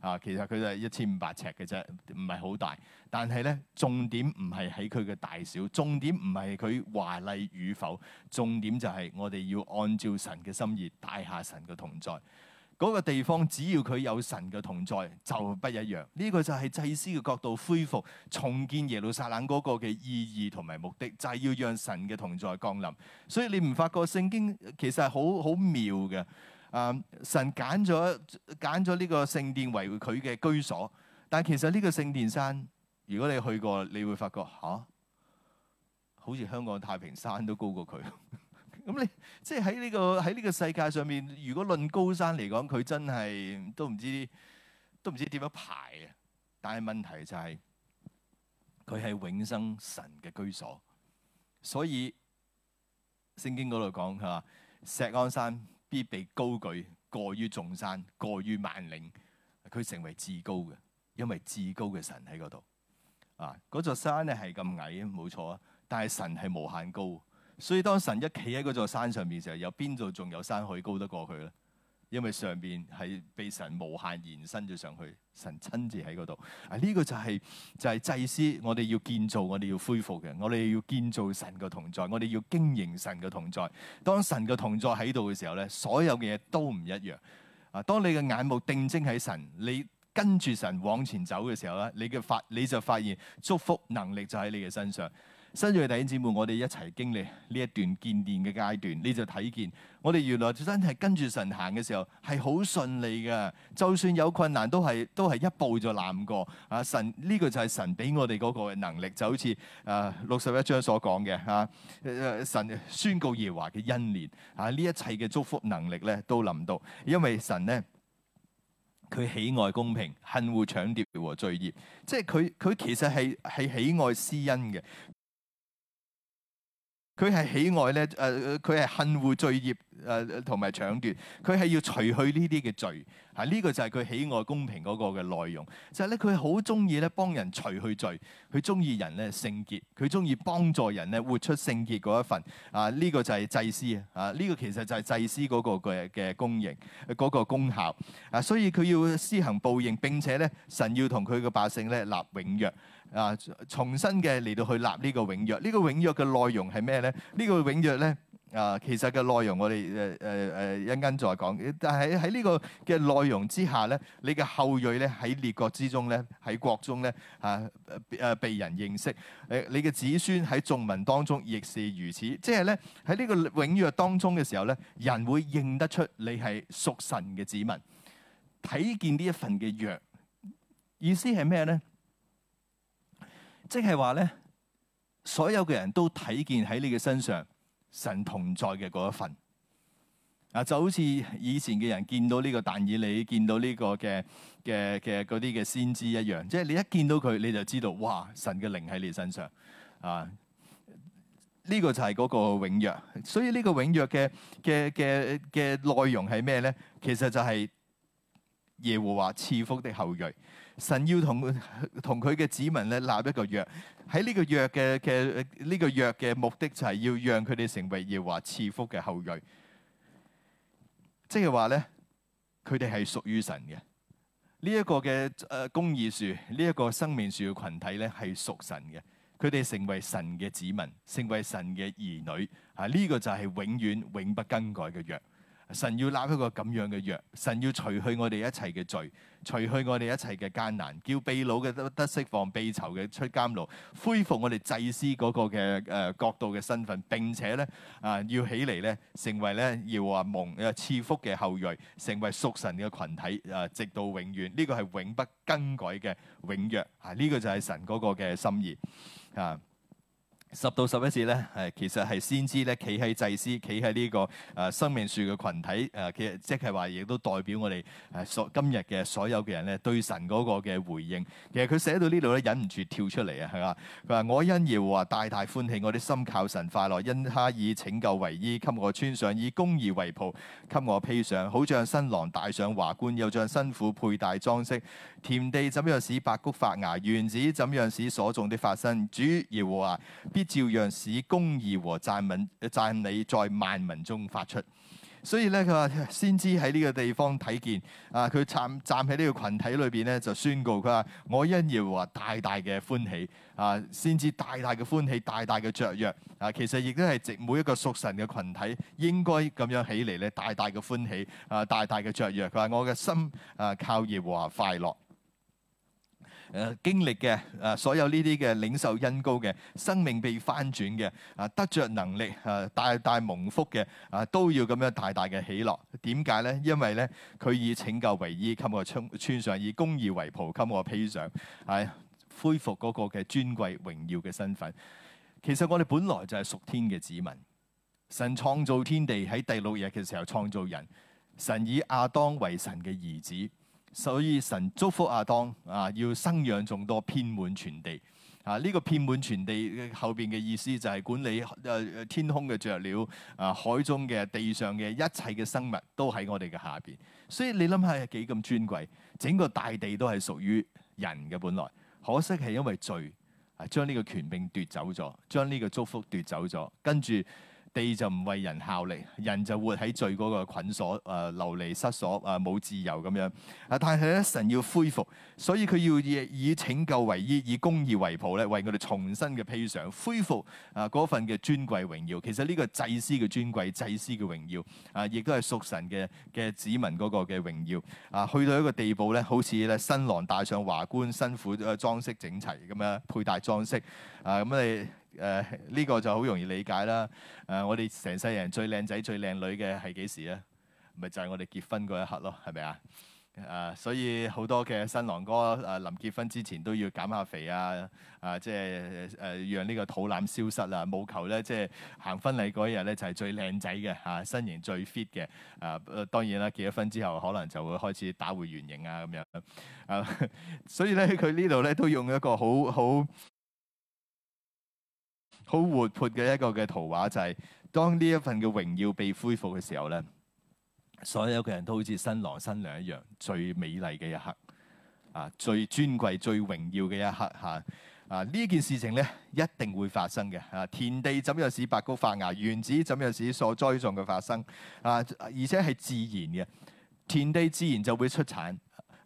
啊，其實佢就係一千五百尺嘅啫，唔係好大。但係咧，重點唔係喺佢嘅大小，重點唔係佢華麗與否，重點就係我哋要按照神嘅心意帶下神嘅同在。嗰個地方只要佢有神嘅同在就不一樣，呢、這個就係祭司嘅角度恢復重建耶路撒冷嗰個嘅意義同埋目的，就係、是、要讓神嘅同在降臨。所以你唔發覺聖經其實係好好妙嘅。啊、嗯，神揀咗揀咗呢個聖殿為佢嘅居所，但其實呢個聖殿山，如果你去過，你會發覺吓、啊，好似香港太平山都高過佢。咁你即係喺呢個喺呢個世界上面，如果論高山嚟講，佢真係都唔知都唔知點樣排啊！但係問題就係佢係永生神嘅居所，所以聖經嗰度講佢話：錫安山必被高舉，過於眾山，過於萬嶺，佢成為至高嘅，因為至高嘅神喺嗰度。啊，嗰座山咧係咁矮啊，冇錯啊，但係神係無限高。所以當神一企喺嗰座山上邊嘅時候，有邊度仲有山可以高得過去咧？因為上邊係被神無限延伸咗上去，神親自喺嗰度。啊，呢個就係就係祭司，我哋要建造，我哋要恢復嘅，我哋要建造神嘅同在，我哋要經營神嘅同在。當神嘅同在喺度嘅時候咧，所有嘅嘢都唔一樣。啊，當你嘅眼目定睛喺神，你跟住神往前走嘅時候咧，你嘅發你就發現祝福能力就喺你嘅身上。新嚟嘅弟兄姊妹，我哋一齊經歷呢一段見面嘅階段，你就睇見我哋原來真係跟住神行嘅時候係好順利㗎。就算有困難，都係都係一步就 𨂾 過啊！神呢，這個就係神俾我哋嗰個能力，就好似誒六十一章所講嘅啊。神宣告耶華嘅恩年，啊，呢一切嘅祝福能力咧都臨到，因為神呢，佢喜愛公平，恨惡搶奪和罪孽，即係佢佢其實係係喜愛施恩嘅。佢係喜愛咧，誒、呃，佢係恨惡罪孽，誒、呃，同埋搶奪，佢係要除去呢啲嘅罪，吓、啊、呢、這個就係佢喜愛公平嗰個嘅內容。就係咧，佢好中意咧幫人除去罪，佢中意人咧聖潔，佢中意幫助人咧活出聖潔嗰一份。啊，呢、這個就係祭司啊，呢、這個其實就係祭司嗰個嘅嘅公義，嗰、那個功效。啊，所以佢要施行報應，並且咧神要同佢嘅百姓咧立永約。啊！重新嘅嚟到去立呢個永約，呢、這個永約嘅內容係咩咧？呢、這個永約咧啊，其實嘅內容我哋誒誒誒一陣間再講，但係喺呢個嘅內容之下咧，你嘅後裔咧喺列國之中咧，喺國中咧啊誒被人認識誒、呃，你嘅子孫喺眾民當中亦是如此，即係咧喺呢個永約當中嘅時候咧，人會認得出你係屬神嘅子民，睇見呢一份嘅約，意思係咩咧？即係話咧，所有嘅人都睇見喺你嘅身上，神同在嘅嗰一份啊，就好似以前嘅人見到呢個但以理見到呢個嘅嘅嘅嗰啲嘅先知一樣，即係你一見到佢你就知道，哇！神嘅靈喺你身上啊，呢、這個就係嗰個永約。所以呢個永約嘅嘅嘅嘅內容係咩咧？其實就係、是。耶和華賜福的後裔，神要同同佢嘅子民咧立一個約，喺呢個約嘅嘅呢個約嘅目的就係要讓佢哋成為耶和華賜福嘅後裔，即係話咧佢哋係屬於神嘅。呢、這、一個嘅誒、呃、公義樹，呢、這、一個生命樹嘅群體咧係屬神嘅，佢哋成為神嘅子民，成為神嘅兒女，啊呢、這個就係永遠永不更改嘅約。神要立一個咁樣嘅約，神要除去我哋一切嘅罪，除去我哋一切嘅艱難，叫被擄嘅得得釋放，被囚嘅出監牢，恢復我哋祭司嗰個嘅誒國度嘅身份，並且咧啊要起嚟咧，成為咧要話蒙啊賜福嘅後裔，成為屬神嘅群體啊，直到永遠。呢、這個係永不更改嘅永約啊！呢、這個就係神嗰個嘅心意啊！十到十一節咧，係其實係先知咧，企喺祭司，企喺呢個誒、呃、生命樹嘅群體誒，其、呃、實即係話，亦都代表我哋誒、啊、所今日嘅所有嘅人咧，對神嗰個嘅回應。其實佢寫到呢度咧，忍唔住跳出嚟啊，係嘛？佢話：我因耶和華大大歡喜，我啲心靠神快樂。因他以拯救為衣，給我穿上；以公義為袍，給我披上，好像新郎戴上華冠，又像新婦佩戴裝飾。田地怎樣使百穀發芽？園子怎樣使所種的發生？主耶和華。必照樣使公義和讚文讚美在萬民中發出。所以咧，佢話先知喺呢個地方睇見，啊，佢站站喺呢個群體裏邊咧，就宣告，佢話，我因耶和華大大嘅歡喜啊，先知大大嘅歡喜，大大嘅雀躍啊，其實亦都係每一個屬神嘅群體應該咁樣起嚟咧，大大嘅歡喜啊，大大嘅雀躍。佢話我嘅心啊靠耶和華快樂。誒經歷嘅誒所有呢啲嘅領受恩膏嘅生命被翻轉嘅啊，得着能力啊、呃、大大蒙福嘅啊、呃、都要咁樣大大嘅喜樂，點解咧？因為咧佢以拯救為衣，給我穿穿上，以公義為袍，給我披上係、哎、恢復嗰個嘅尊貴榮耀嘅身份。其實我哋本來就係屬天嘅子民。神創造天地喺第六日嘅時候創造人，神以亞當為神嘅兒子。所以神祝福亞當啊，要生養眾多，遍滿全地啊。呢、這個遍滿全地後邊嘅意思就係管理誒、呃、天空嘅雀鳥啊，海中嘅地上嘅一切嘅生物都喺我哋嘅下邊。所以你諗下係幾咁尊貴，整個大地都係屬於人嘅本來。可惜係因為罪啊，將呢個權柄奪走咗，將呢個祝福奪走咗，跟住。地就唔為人效力，人就活喺罪嗰個捆鎖、呃，流離失所，誒、呃、冇自由咁樣。啊，但係咧，神要恢復，所以佢要以拯救為衣，以公義為袍咧，為我哋重新嘅披上，恢復啊嗰、呃、份嘅尊貴榮耀。其實呢個祭司嘅尊貴，祭司嘅榮耀啊，亦都係屬神嘅嘅子民嗰個嘅榮耀啊。去到一個地步咧，好似咧新郎戴上華冠，新婦誒裝飾整齊咁樣佩戴，戴，戴裝飾啊，咁、嗯嗯啊、你。誒呢、呃這個就好容易理解啦！誒、呃，我哋成世人最靚仔最靚女嘅係幾時咧？咪就係、是、我哋結婚嗰一刻咯，係咪啊？誒、呃，所以好多嘅新郎哥誒，臨、呃、結婚之前都要減下肥啊！啊、呃，即係誒，讓呢個肚腩消失啦、啊！務求咧，即、就、係、是、行婚禮嗰一日咧，就係最靚仔嘅嚇，身形最 fit 嘅啊、呃！當然啦，結咗婚之後，可能就會開始打回原形啊咁樣啊！所以咧，佢呢度咧都用一個好好，好活潑嘅一個嘅圖畫就係、是、當呢一份嘅榮耀被恢復嘅時候咧，所有嘅人都好似新郎新娘一樣最美麗嘅一刻啊，最尊貴、最榮耀嘅一刻嚇啊！呢件事情咧一定會發生嘅啊。田地怎樣使百穀發芽，園子怎樣使所栽種嘅發生啊？而且係自然嘅，田地自然就會出產。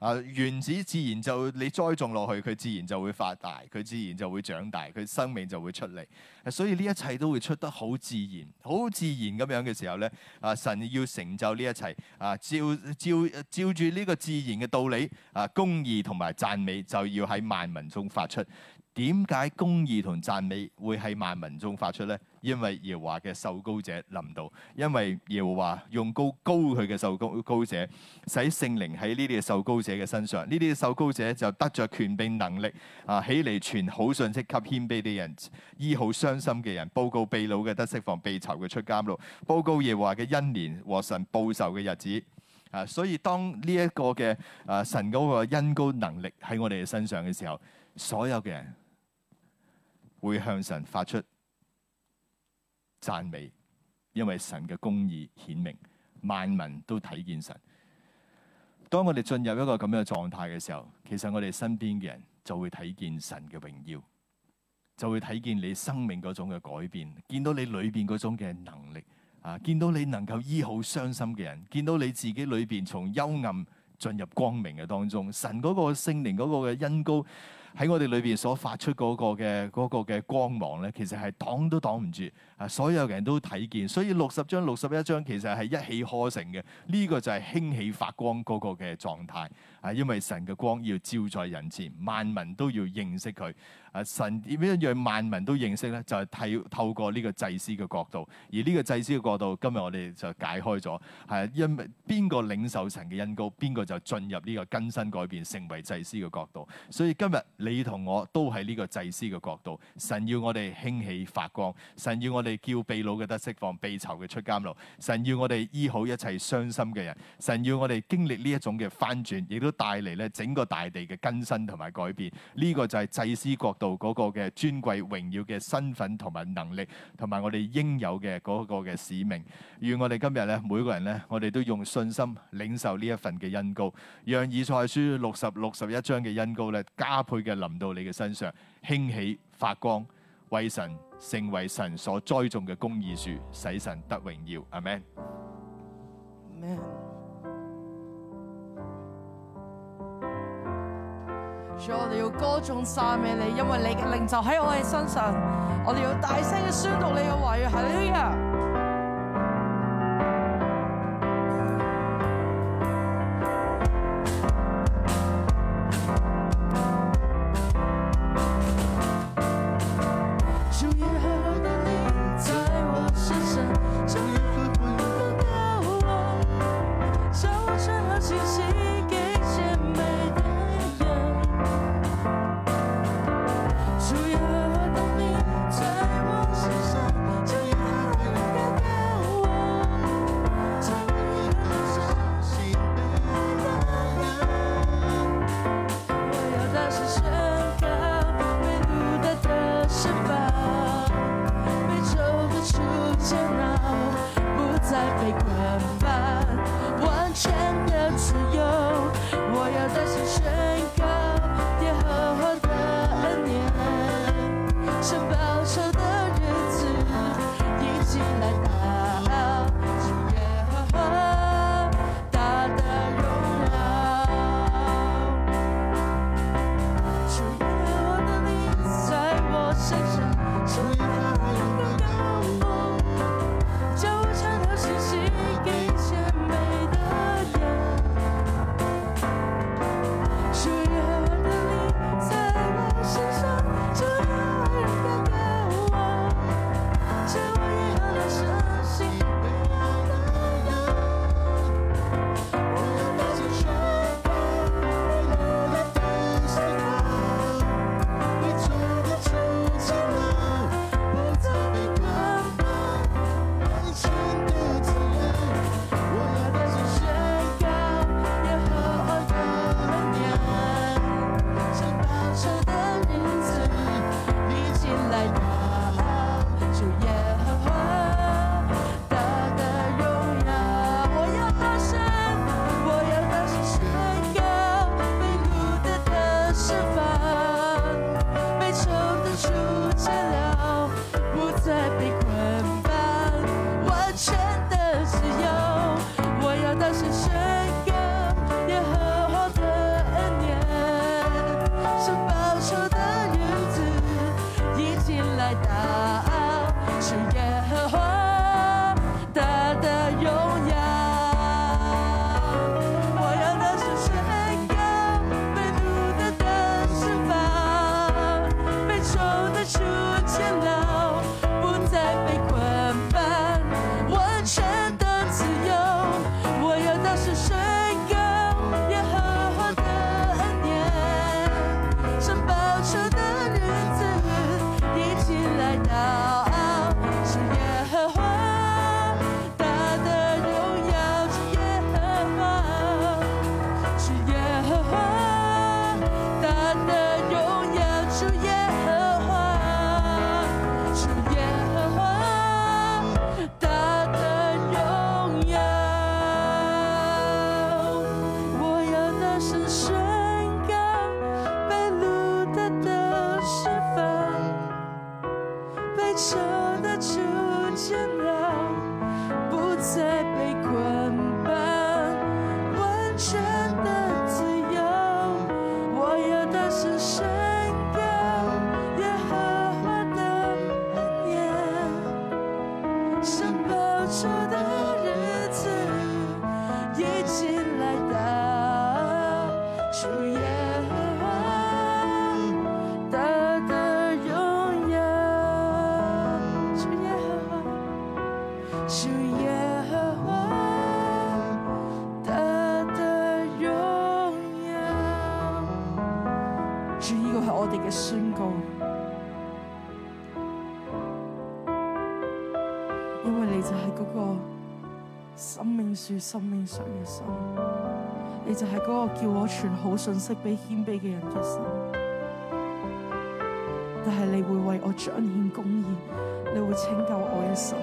啊！原子自然就，你栽種落去，佢自然就會發大，佢自然就會長大，佢生命就會出嚟。所以呢一切都會出得好自然，好自然咁樣嘅時候咧，啊，神要成就呢一切啊，照照照住呢個自然嘅道理啊，公義同埋讚美就要喺萬民中發出。點解公義同讚美會喺萬民中發出咧？因為耶和華嘅受膏者臨到，因為耶和華用膏膏佢嘅受膏膏者，使聖靈喺呢啲嘅受膏者嘅身上，呢啲嘅受膏者就得着權柄能力啊，起嚟傳好信息給謙卑啲人，醫好傷心嘅人，報告被擄嘅得釋放，被囚嘅出監牢，報告耶和華嘅恩年和神報仇嘅日子啊。所以當呢一個嘅啊神嗰個恩膏能力喺我哋嘅身上嘅時候，所有嘅人，會向神發出讚美，因為神嘅公義顯明，萬民都睇見神。當我哋進入一個咁樣嘅狀態嘅時候，其實我哋身邊嘅人就會睇見神嘅榮耀，就會睇見你生命嗰種嘅改變，見到你裏邊嗰種嘅能力啊，見到你能夠醫好傷心嘅人，見到你自己裏邊從幽暗進入光明嘅當中，神嗰個聖靈嗰個嘅恩膏。喺我哋裏邊所發出嗰個嘅嗰個嘅光芒咧，其實係擋都擋唔住，啊，所有人都睇見，所以六十章六十一章其實係一氣呵成嘅，呢個就係興起發光嗰個嘅狀態。啊！因為神嘅光要照在人前，萬民都要認識佢。啊！神點樣讓萬民都認識咧？就係、是、睇透過呢個祭司嘅角度，而呢個祭司嘅角度，今日我哋就解開咗。係、啊、因為邊個領受神嘅恩膏，邊個就進入呢個更新改變，成為祭司嘅角度。所以今日你同我都喺呢個祭司嘅角度。神要我哋興起發光，神要我哋叫被擄嘅得釋放，被囚嘅出監牢，神要我哋醫好一切傷心嘅人，神要我哋經歷呢一種嘅翻轉，亦都，帶嚟咧整個大地嘅更新同埋改變，呢個就係祭司國度嗰個嘅尊貴榮耀嘅身份同埋能力，同埋我哋應有嘅嗰個嘅使命。願我哋今日咧每個人咧，我哋都用信心領受呢一份嘅恩膏，讓以賽書六十六十一章嘅恩膏咧加倍嘅臨到你嘅身上，興起發光，為神成為神所栽種嘅公義樹，使神得榮耀。阿門。我哋要歌頌讚美你，因為你嘅靈就喺我哋身上，我哋要大聲嘅宣讀你嘅話語，喺樣。捨得。樹生命上嘅樹，你就係嗰個叫我傳好信息俾謙卑嘅人嘅神，但係你會為我彰顯公義，你會拯救我一生。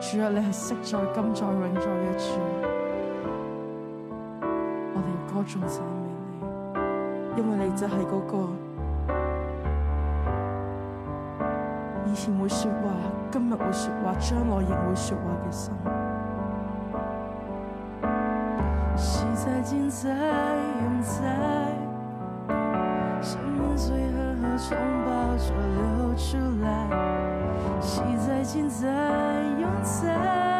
主啊，你係昔在、今在、永在嘅主，我哋歌頌讚美你，因為你就係嗰個。前會說話，今日會說話，將來仍會說話嘅心。昔在今在永在，生命碎核心從爆穴流出來。昔在今在永在。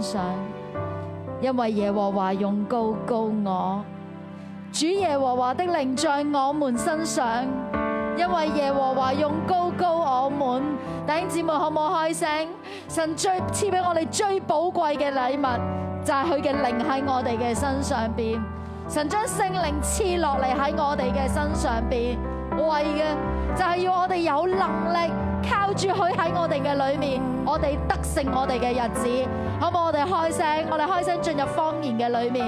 上，因為耶和華用高高我主耶和華的靈在我們身上。因為耶和華用高高我們弟兄姊妹好唔好開聲？神最賜俾我哋最寶貴嘅禮物就係佢嘅靈喺我哋嘅身上邊。神將聖靈賜落嚟喺我哋嘅身上邊，為嘅就係要我哋有能力靠住佢喺我哋嘅裏面，我哋得勝我哋嘅日子。好冇？我哋開聲，我哋開聲進入方言嘅裏面，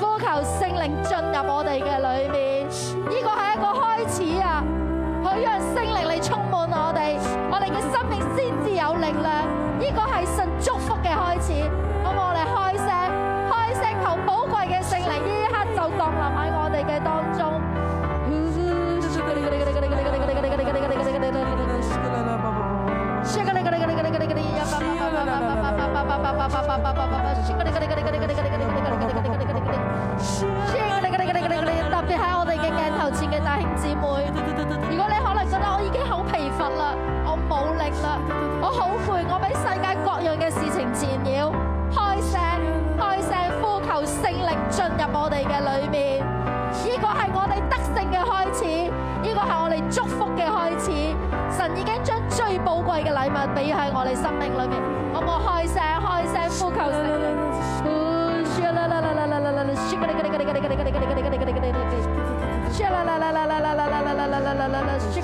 呼求聖靈進入我哋嘅裏面。呢個係一個開始啊！好讓聖靈嚟充滿我哋，我哋嘅生命先至有力量。呢個係神祝福嘅開始。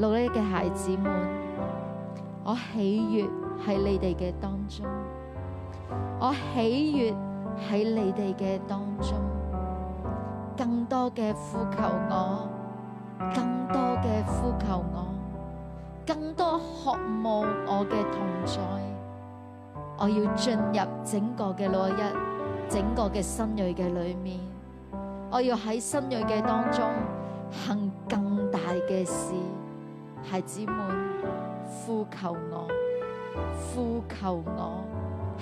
六一嘅孩子們，我喜悅喺你哋嘅當中，我喜悅喺你哋嘅當中，更多嘅呼求我，更多嘅呼求我，更多渴望我嘅同在，我要進入整個嘅六一，整個嘅新蕊嘅裏面，我要喺新蕊嘅當中行更大嘅事。孩子們，呼求我，呼求我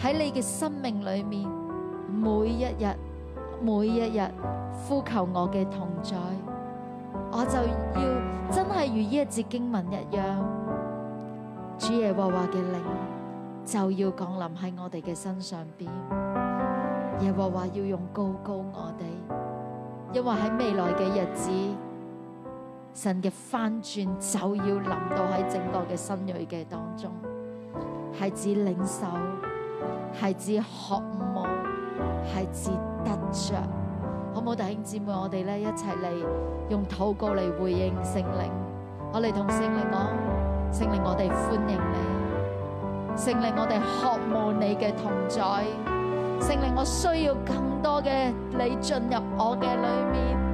喺你嘅生命裏面，每一日，每一日呼求我嘅同在，我就要真係如呢一節經文一樣，主耶和華嘅靈就要降臨喺我哋嘅身上邊，耶和華要用膏膏我哋，因為喺未來嘅日子。神嘅翻轉就要臨到喺整個嘅新蕊嘅當中，係指領受，係指渴望，係指得着，好唔好，弟兄姊妹？我哋咧一齊嚟用禱告嚟回應聖靈，我哋同聖靈講，聖靈我哋歡迎你，聖靈我哋渴望你嘅同在，聖靈我需要更多嘅你進入我嘅裏面。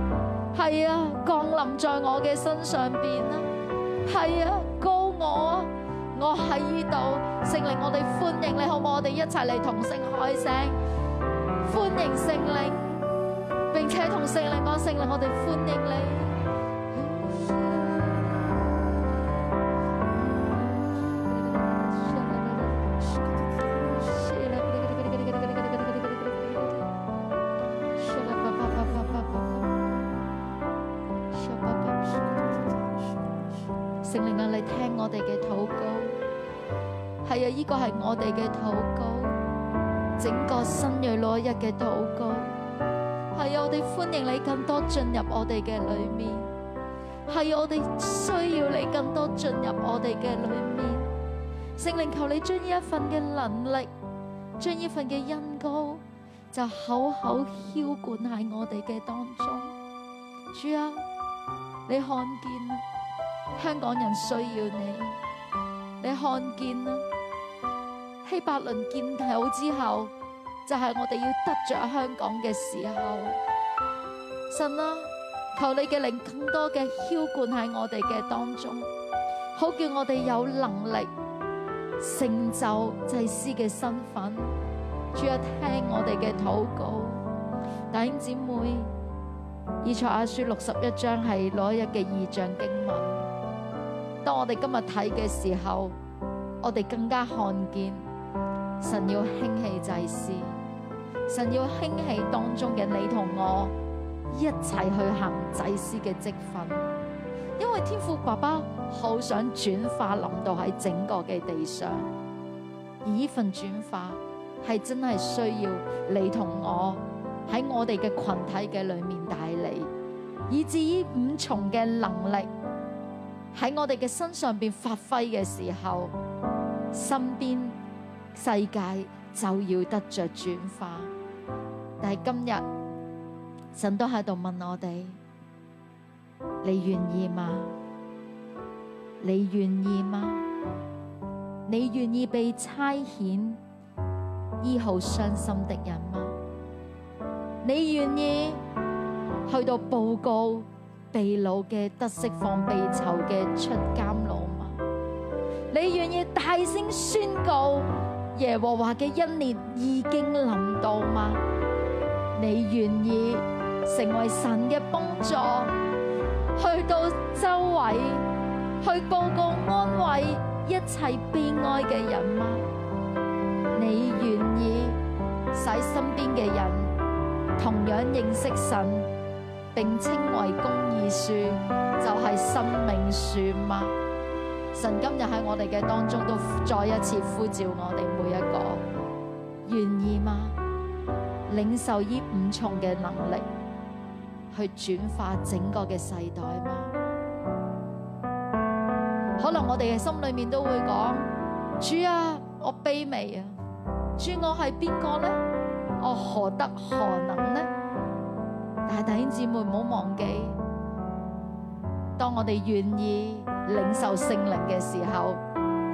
係啊，降臨在我嘅身上邊啊，係啊，膏我，啊，我喺呢度，聖靈，我哋歡迎你，好唔好？我哋一齊嚟同聲開聲，歡迎聖靈，並且同聖靈講，聖靈，我哋歡迎你。我哋嘅禱告，整個新蕊挪日嘅禱告，係我哋歡迎你更多進入我哋嘅裏面，係我哋需要你更多進入我哋嘅裏面。聖靈，求你將呢一份嘅能力，將呢份嘅恩膏，就口口澆灌喺我哋嘅當中。主啊，你看見啦，香港人需要你，你看見啦。希伯倫建好之後，就係、是、我哋要得着香港嘅時候。神啦、啊，求你嘅靈更多嘅澆灌喺我哋嘅當中，好叫我哋有能力成就祭司嘅身份。主啊，聽我哋嘅禱告，弟兄姊妹。以賽亞書六十一章係611嘅異象經文。當我哋今日睇嘅時候，我哋更加看見。神要興起祭司，神要興起當中嘅你同我一齊去行祭司嘅積分，因為天父爸爸好想轉化，臨到喺整個嘅地上，而呢份轉化係真係需要你同我喺我哋嘅群體嘅裏面帶領，以至於五重嘅能力喺我哋嘅身上邊發揮嘅時候，身邊。世界就要得着轉化，但係今日神都喺度問我哋：你願意嗎？你願意嗎？你願意被差遣醫好傷心的人嗎？你願意去到報告被擄嘅得釋放，被囚嘅出監牢嗎？你願意大聲宣告？耶和華嘅恩年已經臨到嗎？你願意成為神嘅幫助，去到周圍去報告安慰一切悲哀嘅人嗎？你願意使身邊嘅人同樣認識神，並稱為公義樹，就係、是、生命樹嗎？神今日喺我哋嘅當中都再一次呼召我哋每一個，願意嗎？領受以五重嘅能力，去轉化整個嘅世代嗎？可能我哋嘅心裏面都會講：主啊，我卑微啊，主我係邊個呢？我何德何能呢？」但係弟兄姐妹唔好忘記，當我哋願意。領受聖靈嘅時候，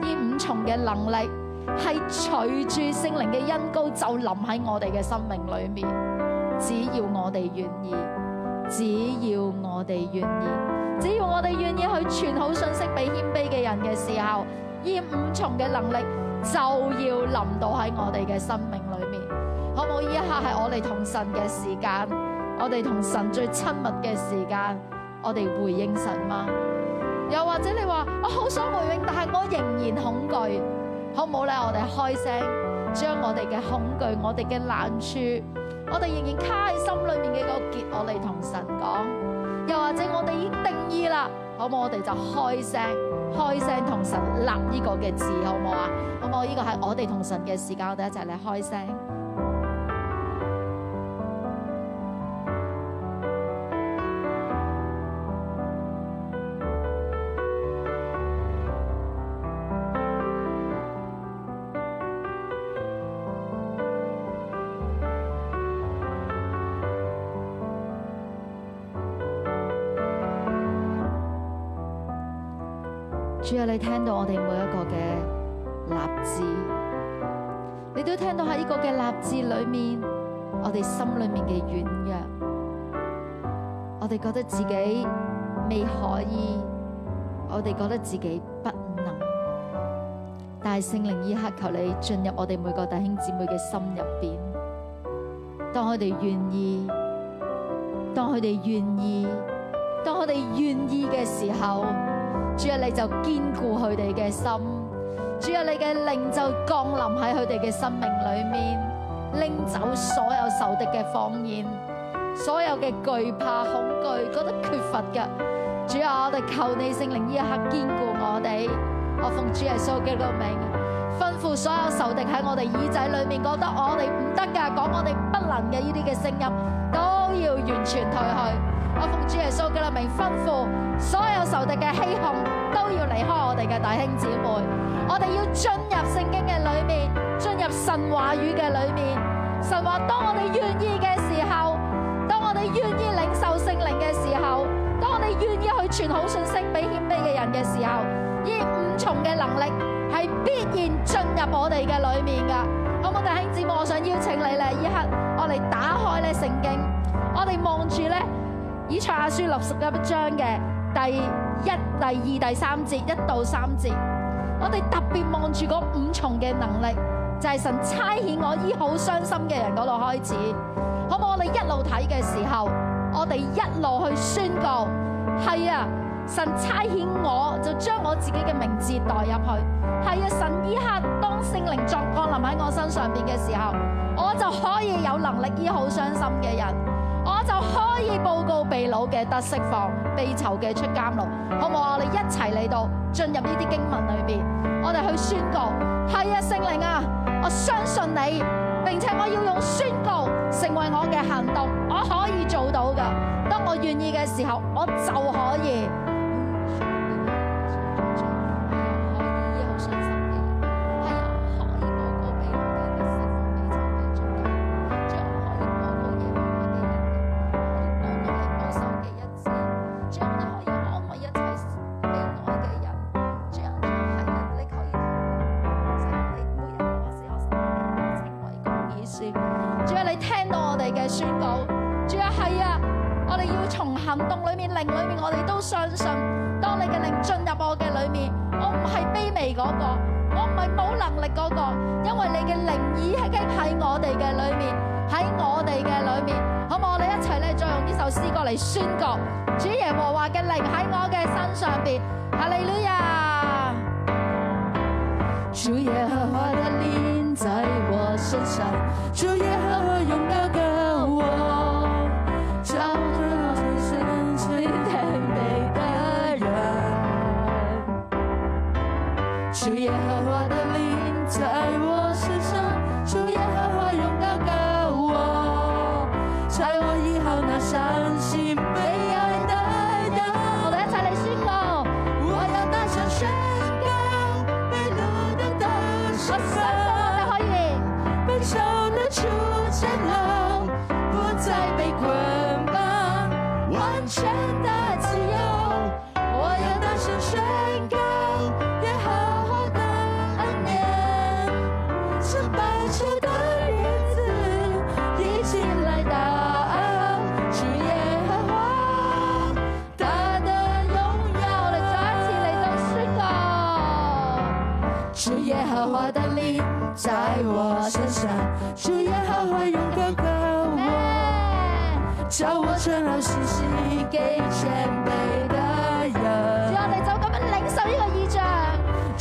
呢五重嘅能力係隨住聖靈嘅恩膏，就臨喺我哋嘅生命裏面。只要我哋願意，只要我哋願意，只要我哋願意去傳好信息俾謙卑嘅人嘅時候，呢五重嘅能力就要臨到喺我哋嘅生命裏面。可唔可以一刻係我哋同神嘅時間，我哋同神最親密嘅時間，我哋回應神嗎？又或者你話我好想回應，但係我仍然恐懼，好唔好咧？我哋開聲，將我哋嘅恐懼、我哋嘅難處、我哋仍然卡喺心裏面嘅個結，我哋同神講。又或者我哋已經定義啦，好唔好？我哋就開聲，開聲同神立呢個嘅字，好唔好啊？好唔好？呢個係我哋同神嘅時間，我哋一齊嚟開聲。聽到我哋每一個嘅立志，你都聽到喺呢個嘅立志裏面，我哋心裏面嘅軟弱，我哋覺得自己未可以，我哋覺得自己不能。但係聖靈依刻求你進入我哋每個弟兄姊妹嘅心入邊，當佢哋願意，當佢哋願意，當佢哋願意嘅時候。主啊，你就堅固佢哋嘅心；主啊，你嘅靈就降臨喺佢哋嘅生命裏面，拎走所有仇敵嘅謊言，所有嘅懼怕、恐懼、覺得缺乏嘅。主啊，我哋求你聖靈呢一刻堅固我哋。我奉主耶穌嘅名，吩咐所有仇敵喺我哋耳仔裏面覺得我哋唔得㗎、講我哋不能嘅呢啲嘅聲音，都要完全退去。我奉主耶穌嘅立名吩咐，所有仇敵嘅欺控都要離開我哋嘅弟兄姊妹。我哋要進入聖經嘅裏面，進入神話語嘅裏面。神話，當我哋願意嘅時候，當我哋願意領受聖靈嘅時候，當我哋願意去傳好信息俾謙卑嘅人嘅時候，呢五重嘅能力係必然進入我哋嘅裏面噶。好唔好？弟兄姊妹，我想邀請你咧，呢刻我哋打開咧聖經，我哋望住咧。以賽亞書六十一章嘅第一、第二、第三節，一到三節，我哋特別望住嗰五重嘅能力，就係神差遣我醫好傷心嘅人嗰度開始，好唔好？我哋一路睇嘅時候，我哋一路去宣告：係啊，神差遣我，就將我自己嘅名字代入去。係啊，神呢刻當聖靈作降臨喺我身上面嘅時候，我就可以有能力醫好傷心嘅人。我就可以報告被擄嘅得釋放，被囚嘅出監牢，好冇？我哋一齊嚟到進入呢啲經文裏邊，我哋去宣告。係啊，聖靈啊，我相信你，並且我要用宣告成為我嘅行動，我可以做到㗎。當我願意嘅時候，我就可以。相信，當你嘅靈進入我嘅裏面，我唔係卑微嗰個，我唔係冇能力嗰個，因為你嘅靈已經喺我哋嘅裏面，喺我哋嘅裏面，好唔好？我哋一齊咧，再用呢首詩歌嚟宣告，主耶和華嘅靈喺我嘅身上邊。哈利路亞。主耶和華的靈在我身上主，主耶和華用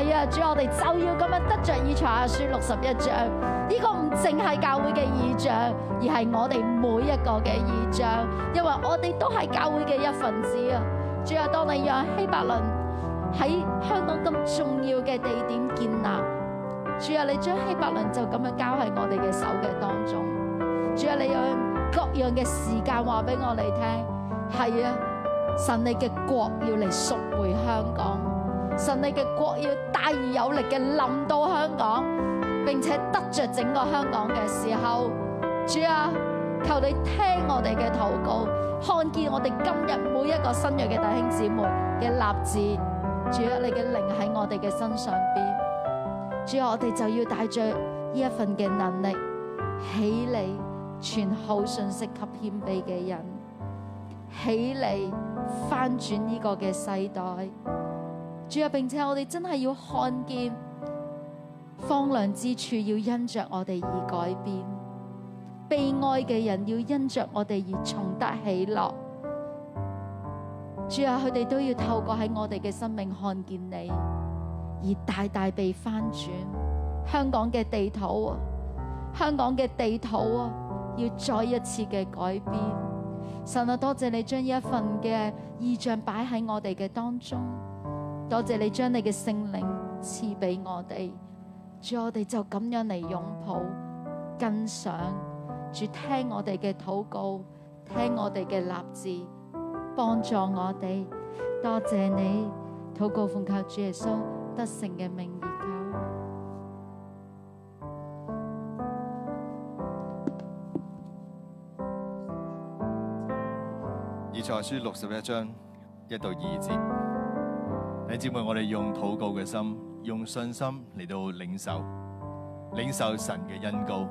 係啊，主啊，我哋就要咁樣得着以賽亞書六十一章，呢個唔淨係教會嘅異象，而係我哋每一個嘅異象，因為我哋都係教會嘅一份子啊。主啊，當你讓希伯倫喺香港咁重要嘅地點建立，主啊，你將希伯倫就咁樣交喺我哋嘅手嘅當中，主啊，你讓各樣嘅時間話俾我哋聽，係啊，神你嘅國要嚟贖回香港。神，你嘅國要大而有力嘅臨到香港，並且得着整個香港嘅時候，主啊，求你聽我哋嘅禱告，看見我哋今日每一個新約嘅弟兄姊妹嘅立志，主啊，你嘅靈喺我哋嘅身上邊，主啊，我哋就要帶着呢一份嘅能力，起嚟傳好信息及謙卑嘅人，起嚟翻轉呢個嘅世代。主啊，並且我哋真係要看見荒涼之處，要因着我哋而改變；悲哀嘅人要因着我哋而重得喜樂。主啊，佢哋都要透過喺我哋嘅生命看見你，而大大被翻轉。香港嘅地圖啊，香港嘅地圖啊，要再一次嘅改變。神啊，多謝你將呢一份嘅意象擺喺我哋嘅當中。多謝你將你嘅聖靈賜俾我哋，主，我哋就咁樣嚟擁抱、跟上，主，聽我哋嘅禱告，聽我哋嘅立志，幫助我哋。多謝你，禱告奉靠主耶穌得勝嘅名而求。以賽亞書六十一章一到二節。弟兄姊妹，我哋用禱告嘅心，用信心嚟到領受，領受神嘅恩膏，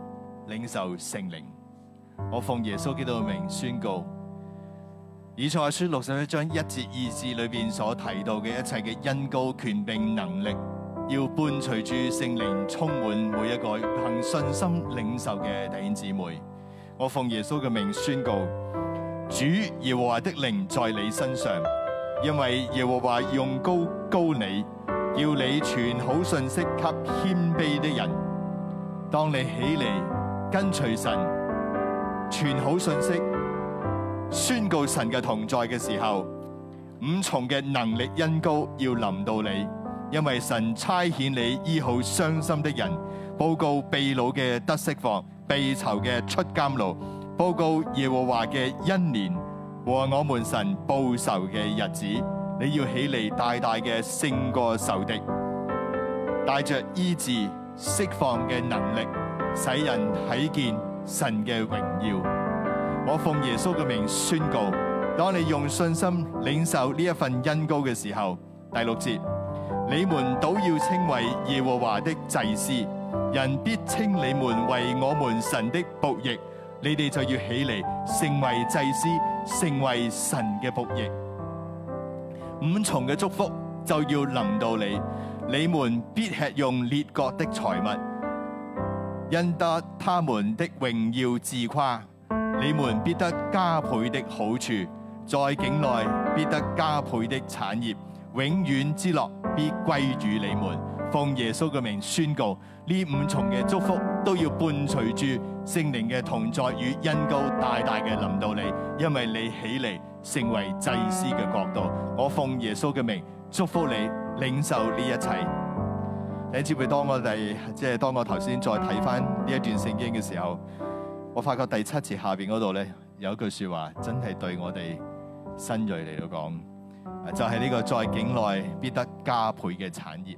領受聖靈。我奉耶穌基督嘅名宣告：以賽亞書六十一章一至二節裏邊所提到嘅一切嘅恩膏權柄、能力，要伴隨住聖靈充滿每一個憑信心領受嘅弟兄姊妹。我奉耶穌嘅名宣告：主耶和華的靈在你身上。因為耶和華用膏膏你，要你傳好信息給謙卑的人。當你起嚟跟隨神，傳好信息，宣告神嘅同在嘅時候，五重嘅能力恩膏要臨到你。因為神差遣你醫好傷心的人，報告被擄嘅得釋放，被囚嘅出監牢，報告耶和華嘅恩年。和我們神報仇嘅日子，你要起嚟大大嘅勝過仇敵，帶着醫治釋放嘅能力，使人睇見神嘅榮耀。我奉耶穌嘅名宣告，當你用信心領受呢一份恩膏嘅時候，第六節，你們都要稱為耶和華的祭司，人必稱你們為我們神的僕役。你哋就要起嚟成為祭司。成為神嘅僕役，五重嘅祝福就要臨到你。你們必吃用列國的財物，因得他們的榮耀自誇。你們必得加倍的好處，在境內必得加倍的產業，永遠之樂必歸於你們。奉耶穌嘅名宣告呢五重嘅祝福。都要伴隨住聖靈嘅同在與恩膏大大嘅臨到你，因為你起嚟成為祭司嘅國度。我奉耶穌嘅名祝福你，領受呢一切。你知唔知？當我哋即係當我頭先再睇返呢一段聖經嘅時候，我發覺第七節下邊度咧有一句說話，真係對我哋新銳嚟到講，就係呢個在境內必得加倍嘅產業。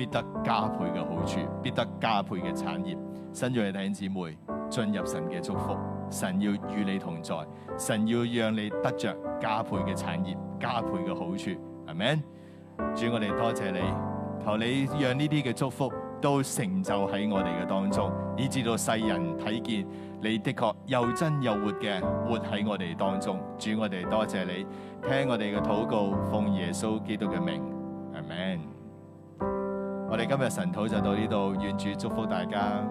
必得加倍嘅好處，必得加倍嘅產業。新約嘅弟兄姊妹進入神嘅祝福，神要與你同在，神要讓你得着加倍嘅產業、加倍嘅好處。阿門。主我哋多謝你，求你讓呢啲嘅祝福都成就喺我哋嘅當中，以至到世人睇見你的確又真又活嘅活喺我哋當中。主我哋多謝你，聽我哋嘅禱告，奉耶穌基督嘅名，阿門。我哋今日晨禱就到呢度，願主祝福大家。